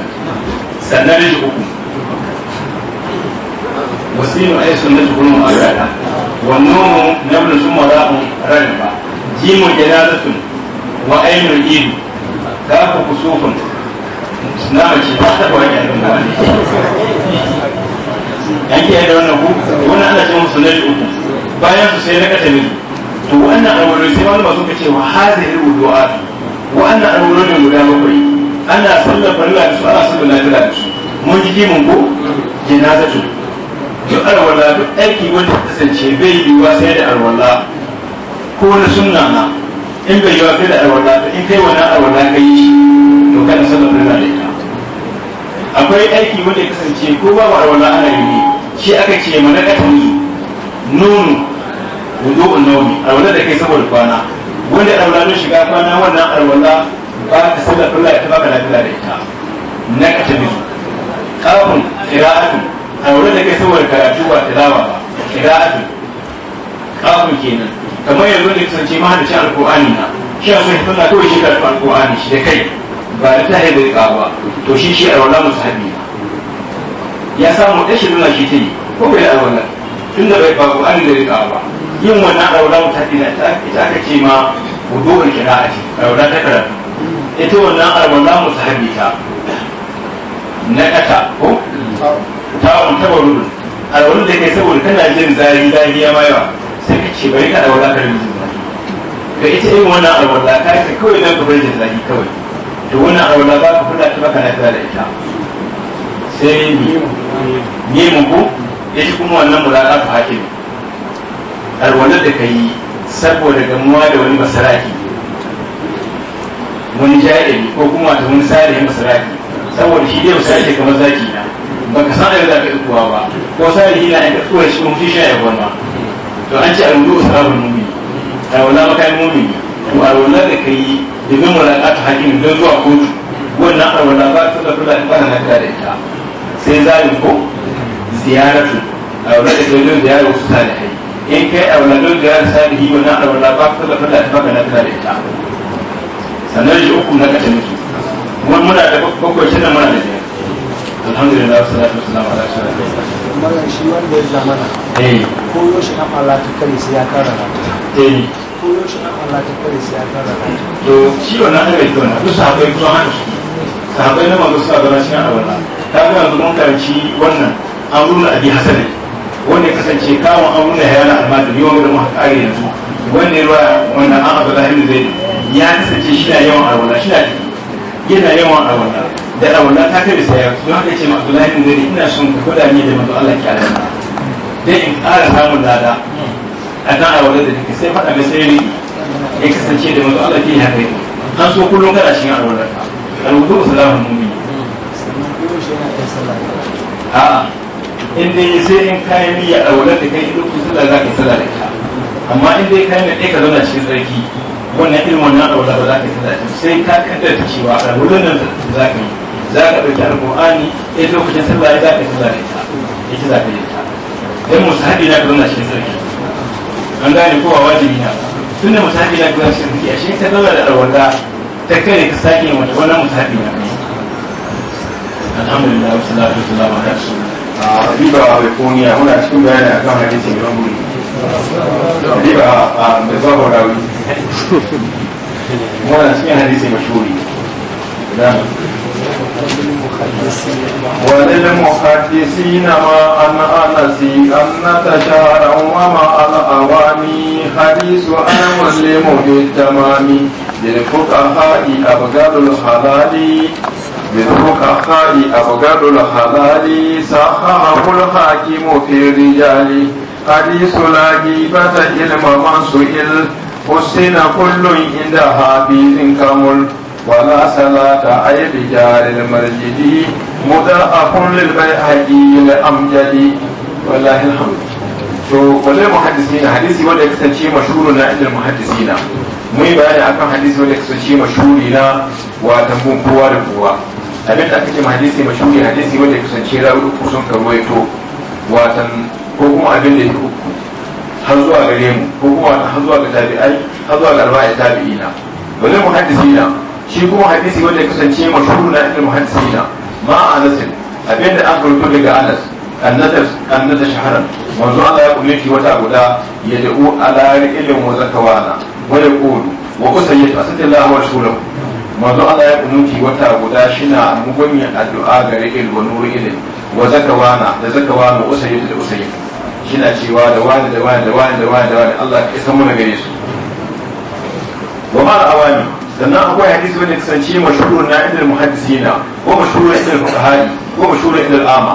sannan rishi uku wasinu ay sunnatu kullu ma'rada wa numu nablu summa ra'un rajba jimu janabatun wa ainun idun kafu kusufun na mace ta taɓa wani yankin ba yanki yadda wannan ku wani ana ce musu nari uku bayan su sai na kata ne to wannan alwurin sai wani masu ka ce wa hazari wudu'a wannan alwurin ne guda bakwai ana sallafa lila da su ana sallafa lafiya da su mun ji kimin ko janazatu duk alwala duk aiki wanda ta kasance bai yiwuwa sai da alwala ko na sunna na in bai yawa sai da alwala to in kai wani alwala ka yi shi to kada sallar da da ita akwai aiki wanda ya kasance ko ba wa alwala ana yi ne shi aka ce mana nunu nono a nawmi alwala da kai saboda kwana wanda alwala ne shiga kwana wannan alwala ba ka sallar zai ita ba ka lafiya da ita na katani kafin qira'atu alwala da kai saboda karatu ba tilawa ba qira'atu kafin kenan kamar yanzu ne kasance ma da ci alkur'ani na shi a sun sunna kawai shi karatu alkur'ani shi da kai ba da ta haifar da ba to shi shi a wala musu haɗi ya samu ɗan shi nuna shi ta yi ko bai a tun da bai ba an da rika ba yin wannan a musu haɗi na ita aka ce ma wudu'ul qira'ati a wala ta karatu ita wannan a musu haɗi ta na ƙasa ko ta wani tabarun a wani da ke saboda kana jin zari zari ya mayawa sai ka ce bari ka alwala ka rinjin zahi ka ita irin wannan alwala ka ka kawai nan ka bari zahi kawai to wannan alwala ba ka kuɗa ta baka lafiya da ita sai ni mu ko ya ci kuma wannan mulaƙa ka hakimi alwalar da ka yi saboda gamuwa da wani masaraki wani jahili ko kuma wata wani salihin masaraki saboda shi dai misali kamar zaki na baka san da za ka ikuwa ba ko salihi na ka tsuwa shi kuma shi shi ya gwamma to an ce alwudu usrabul mu'min maka makai mu'min to alwala da kai da bin mulaqatu hakim don zuwa kotu wannan alwala ba ta kula ba ta da ita sai zalim ko ziyaratu alwala da kai don ziyarar wasu salihai in kai alwala don ziyarar salihi wannan alwala ba ta kula ba ta da ita sannan shi uku na kata mutu wannan muna da bakwai shi muna da alhamdulillah wasu lafi wasu lafi wasu lafi marar shi wanda ya zamana eh. ko yoshi an Allah ta kare sai ya kara rata eh. ko yoshi an Allah ta kare sai ya kara rata to shi wannan an bai tona duk sahabbai kuma hana su sahabbai na manzo suka zama cikin awala ta ga yanzu mun karanci wannan an rula abi hasan wanda ya kasance kawon an rula hayana almadani wanda mu kare yanzu wanda ya ruwa wannan an abdullahi ibn zaid ya kasance shi na yawan awala shi na yana yawan awala da rauna ta kai bisa yau don haka ce ma Abdullahi bin ina son ka gwada ni da manzo Allah ke alama dai in ƙara samun lada a kan aure da take sai faɗa mai sai ya kasance da manzo Allah ke yi haka an so kullum kana shi a aure alwudu salamun mu'min a'a in dai sai in kayan niyya aure da kai duk sallah za ka yi sallah da ka amma in dai kayan da ka zauna cikin tsarki wannan irin wannan aure ba za ka yi sallah sai ka kaddara cewa a wurin nan za ka yi za ka ɗauki alƙur'ani ɗaya lokacin sallah ya za ka yi sallah ita ya ci za ka yi ita dan musahabi na ka zauna cikin sarki an gane kowa wajibi na tunda musahabi na ka zauna cikin sarki a shi ta zauna da alwala ta kare ka sake yin wata wannan musahabi na kai alhamdulillah wasu lafi wasu lafi a rasu a riba a baifoniya muna cikin bayani a kan hadisin yawan guri riba a da zaɓar rawi muna cikin hadisi mashuri وللمحدثين ما أن أنسي أن شهرا وما الأوامي حديث أنا مسلم بالتمام للفقهاء أبغض الحلال بالفقهاء أبغض الحلال صححه الحاكم في الرجال حديث لا هيبة علم من سئل حسن كل عند حبيب كمل ولا صلاة أي رجال المسجد مضاعف للبيهقي لأمجد والله الحمد to wallahi muhaddisina hadisi wanda ya kasance mashhuri na inda muhaddisina mun yi bayani akan hadisi wanda ya kasance mashhuri na wa tambun kowa da kowa abin da aka ce hadisi mashhuri hadisi wanda ya kasance rawu kusan karwaito watan ko kuma abin da ya uku har zuwa gare mu ko kuma har zuwa ga tabi'ai har zuwa ga arba'i tabi'ina wallahi muhaddisina shi kuma hadisi wanda ya kasance mashuru na ilmu na ma abin da an karto daga anas annatas annata shaharar wanzu Allah ya kulle shi wata guda ya da'u ala ilmin wa zakawana wa kusa wa usayyid asadillahu wa rasuluhu Allah ya kunuti wata guda shi na mugumin addu'a ga ilmi wa nuru ilmi wazakawana da zakawana wa yi da shi na cewa da wani da wani da wani da wani da wani Allah ya san mu gare su wa ma'al awami sannan akwai hadisi wanda kasance mashhurun na inda muhaddisina ko mashhurun inda fuqahai ko mashhurun inda al'ama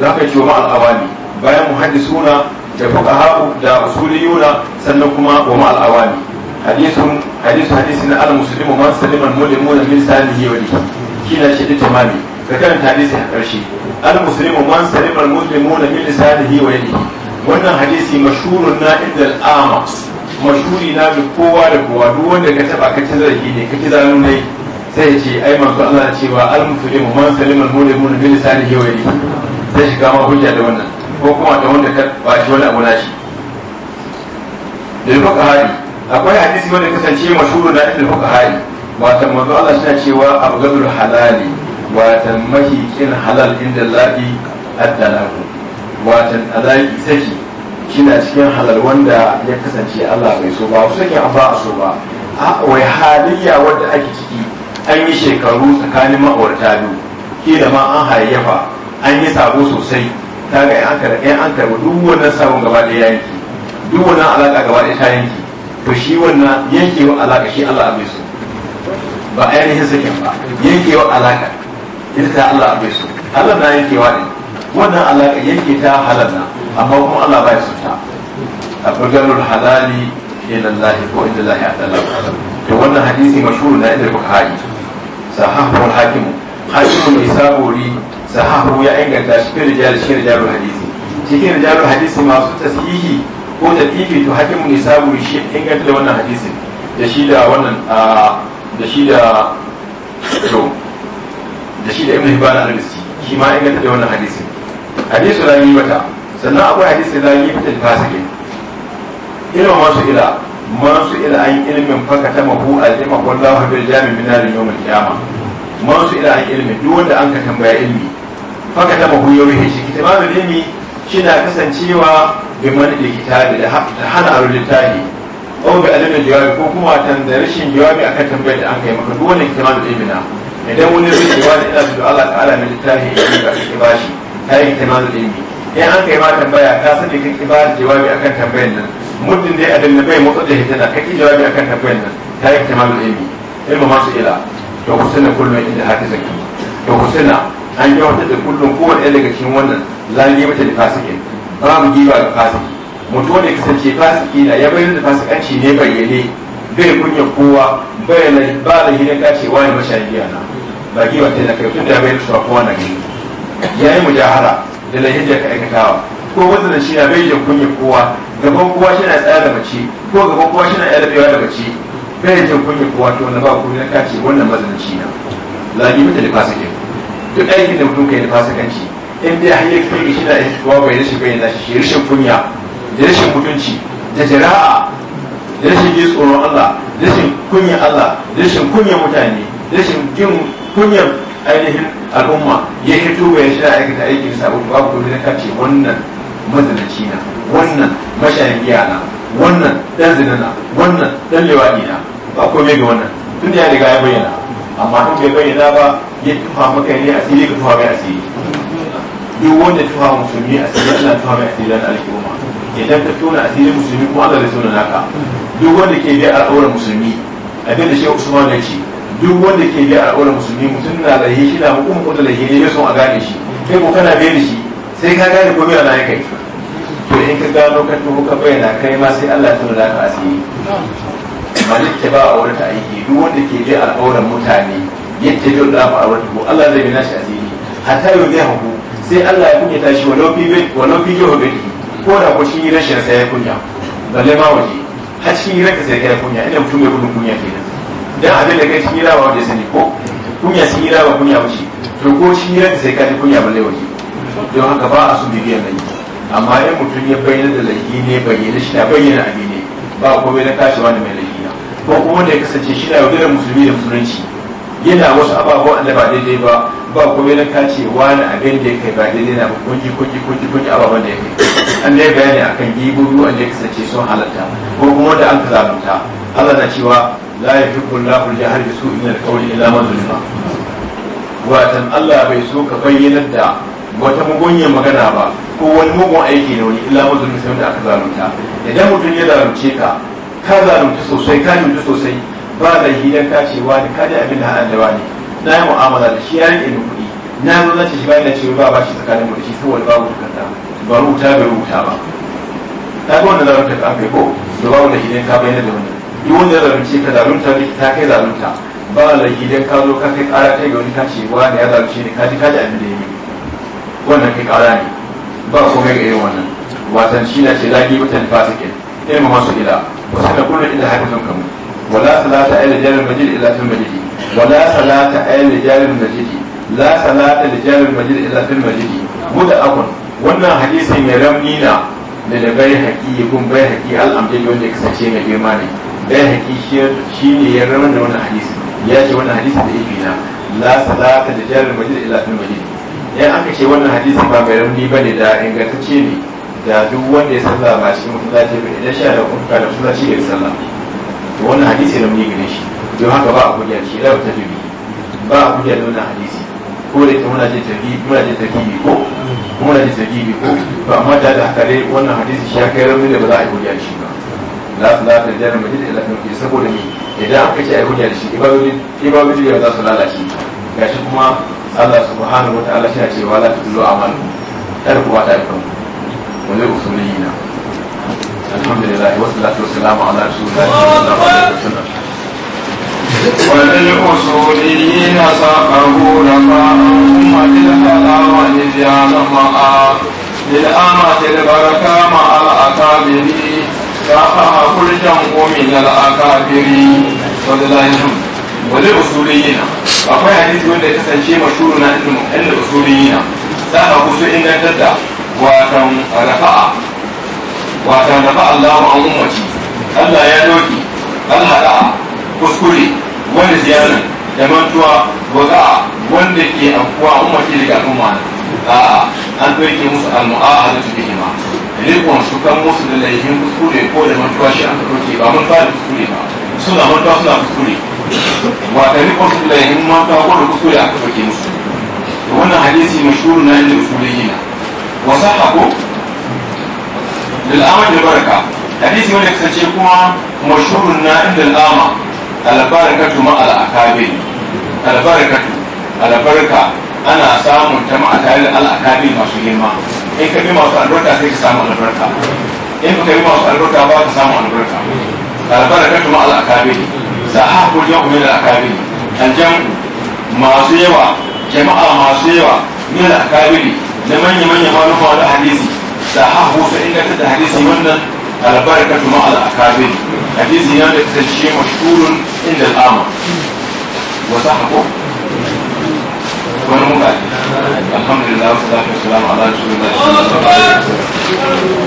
za ka ce wa al'awami bayan muhaddisuna da fuqaha'u da usuliyuna sannan kuma wa ma'al awami hadisun hadisu hadisi na al-muslimu man salima al-mu'minu min salihi wa dihi kina shi da tamami da karanta hadisi a karshe al-muslimu man salima al-muslimuna min lisanihi wa yadihi wannan hadisi mashhurun na inda al'ama. mashuri na da kowa da kowa duk wanda ka taba ka ci zarafi ne ka ci zanu ne sai ya ce ai manzo Allah cewa al muslimu man salima al mu'minu bi lisanihi wa yadihi sai shi kama hujja da wannan ko kuma da wanda ka ba shi wani abu na shi da fuqahari akwai hadisi wanda kasance mashuru na ibn fuqahari wato manzo Allah shi cewa abghadul halali wato mahi kin halal inda lafi addalaku wato alaki saki shi na cikin halal wanda ya kasance Allah bai so ba wasu sakin an ba a so ba wai halayya wadda ake ciki an yi shekaru tsakanin ma'aurata biyu ke da ma an hayayyafa an yi sabo sosai ta ga 'yan karɓi an karɓi duk wannan sabon gaba da yanki duk wannan alaƙa gaba da ta yanki to shi wannan yankewa alaƙa shi Allah bai so ba ainihin sakin ba yankewa alaƙa ita ta Allah bai so Allah na yankewa ne wannan alaƙa yanke ta halal na amma kuma Allah ba ya suta abdul halali nan Allah ko inda Allah a dalar da wannan hadisi mashuru na inda Bukhari sa al hakimu hakimu mai sabori sahahu ya inganta shi fi rijal shi rijalul hadisi cikin rijalul hadisi masu tasihi ko fifi to hakimu mai sabori shi inganta da wannan hadisi da shi da wannan da shi da to da shi da ibn hibban al-rizi shi ma inganta da wannan hadisi hadisi rami mata sannan akwai hadisi la yi fitil fasiki ilimin masu ila masu ila an ilmin faka ta mahu alima wallahu bil jami min nar yawm al qiyama masu ila an ilmin duk wanda an ka tambaya ilmi faka ta mahu yau shi ilimi shi na kasancewa bi da kitabi da hana a arul littafi ko bi alimin jawabi ko kuma da rashin jawabi akan tambayar da an kai maka duk wannan da ilimi na idan wani zai jawabi ina da Allah ta'ala mai littafi ya ba shi ta yi da ilimi in an kai ma tambaya ka da kake ba da jawabi akan tambayar nan muddin dai adalla bai motsa da ka ki jawabi akan tambayar nan ta yi da ilmi ilmu masu ila to ku sani kullum inda haka zaki to ku sani an wata da kullum kowane ɗaya daga cikin wannan laliye mata da fasikin babu giba ga fasiki mutum ne kasance fasiki na ya bayyana fasikanci ne bayyane bai kunya kowa bai ba da hira ka ce wani mashayi na ba giba ta na kai tun da bai da kowa na gani yayi mujahara da lahijja ka aikatawa ko wanda shi na bai jan kunya kowa gaban kowa shi na tsaya da mace ko gaban kowa shi na yarbewa da mace bai jan kunya kowa to wanda ba ku na kaci wannan shi na lagi mutu da fasikin duk aikin da mutum kai da fasikanci in dai hanyar yake kai shi yin kowa bai rashin bai na shi rashin kunya da rashin mutunci da jira'a da rashin yi tsoron Allah da rashin kunya Allah da rashin kunya mutane da rashin jin kunyar ainihin al'umma ya fito ya shirya aikata aiki bisa ba ku gobe na ce wannan mazinaci na wannan mashayin giya na wannan dan zina na wannan dan lewani na ba mai ga wannan tun da ya riga ya bayyana amma tun bai bayyana ba ya tufa maka ne asiri ka tufa mai asiri duk wanda tufa musulmi asiri Allah tufa mai asiri dan al'umma idan ka tona asirin musulmi kuma Allah zai tona naka duk wanda ke bi al'aurar musulmi abin da Shehu Usman ya ce duk wanda ke bi wani musulmi mutum na laihi shi na hukumar kuta laihi ne bai son a gane shi kai ko kana bai shi sai ka gane ko bai na kai to in ka gano ka tuhu ka bayyana kai ma sai Allah ta nuna ka asiri malik ke ba a wurin ta aiki duk wanda ke bi al'aurar mutane yadda ke da ba a wurin ko Allah zai bina shi asiri hatta yau zai haku sai Allah ya kunya tashi walau fi bai walau fi yau bai ko da ko shi rashin sai ya kunya balle ma waje har shi ranka sai ya kunya ina mutum ya kunya kenan dan abin da kai shira ba wanda sani ko kunya shira ba kunya wuce to ko shira da sai ka ji kunya balle wuce don haka ba a su bibiyar nan amma in mutum ya bayyana da laifi ne bayyana shi na bayyana abin ne ba bai na kashewa wani mai laifi ko kuma wanda ya kasance shi na yaudarar musulmi da musulunci yana wasu ababuwan da ba daidai ba ba bai na kace wani abin da ya kai ba daidai na kunji kunji kunji kunji ababen da ya kai an dai bayani akan gibobi wanda ya kasance sun halatta ko kuma wanda an zalunta Allah na cewa la yuhibbu Allahu al-jahr bi su'in al-qawli illa man zulima watan Allah bai so ka bayyana da wata mugunyar magana ba ko wani mugun aiki da wani illa ma zulmi sai da aka zalunta idan mutum ya zalunce ka ka zalunci sosai ka zalunta sosai ba da hidan ka ce wani ka da abin da hana da wani na yi mu'amala da shi ya rike ni kuɗi na zo na ce shi bayan ce ba ba shi tsakanin mu da shi saboda babu takarda ba rubuta bai rubuta ba ta ga wanda zalunta ka an kai ko da babu da hidan ka bayyana da wani duk wanda ya zalunce ka zalunta ne ta kai zalunta ba laifi dai ka zo ka kai kara kai ga wani ka ce ne ya zalunce ne ka ji ka ji abin da yi wannan kai kara ne ba komai ga irin wannan watan shi na ce lagi mutane fasikin ilmi masu ila wasu na kuna ila haka sun kamu ولا صلاة أي رجال المجيد إلا في المجيد ولا صلاة أي رجال da لا صلاة رجال المجيد إلا في المجيد مدأب wannan hadisi mai rauni na da da bai haƙi kun bai haƙi al'amdin wanda ya kasance mai girma ne bai haƙi shi ne ya rama da wannan hadisi ya ce wannan hadisi da ifi na la salata da jarin majid ila fil majid ya aka ce wannan hadisi ba mai rauni ba ne da ingantacce ne da duk wanda ya salla ba shi masallaci ba idan sha da kuka da shi ya salla to wannan hadisi rauni gane shi don haka ba a hujja shi da ta ba a hujja da wannan hadisi ko da ita muna je targibi muna ko muna jin targibi ko ba amma da haka dai wannan hadisi shi ya kai rauni da ba za a yi hujja shi ba la salata da jarin saboda idan aka ce ai hujja da shi ibadodin ibadodin za su lalace kuma Allah subhanahu wataala shi ce alhamdulillah wasu ala للأمة البركة مع الأكابرين فأخذ فرجا ومن الأكابرين ولله الحمد وللأصوليين akwai hadisi wanda ya kasance mashuru na ilmu ilmu usuliyina sai ka kusa ingantar da watan rafa'a watan rafa'a Allahu an ummati Allah ya doki alhada'a kuskure wanda ziyara da mantuwa wada'a wanda ke afuwa ummati daga al'umma a an musu rikon su kan musu da laifin kuskure ko da mantuwa shi an kaɗauke ba mantuwa da kuskure ba suna mantuwa suna kuskure wata rikon su da laifin mantuwa ko da kuskure aka kaɗauke musu da wannan hadisi mashhur na inda usuliyi na wasa hako lil'amal da baraka hadisi wanda kasance kuma mashhur na inda al'ama albarakatu ma al'akabiri albarakatu albarka ana samun ta ma'a tare da al'akabiri masu girma in ka bi masu albarka sai ka samu albarka in ka bi masu albarka ba ka samu albarka albarka ka tuma al'akabiri sahabu jam'u min al'akabiri aljamu masu yawa jama'a masu yawa min al'akabiri da manya manya malama da hadisi sahabu sai ta da hadisi wannan albarka tuma al'akabiri hadisi yana da kasance mashhurun inda al'amur wa sahabu wani mutane الحمد لله والصلاة والسلام على رسول الله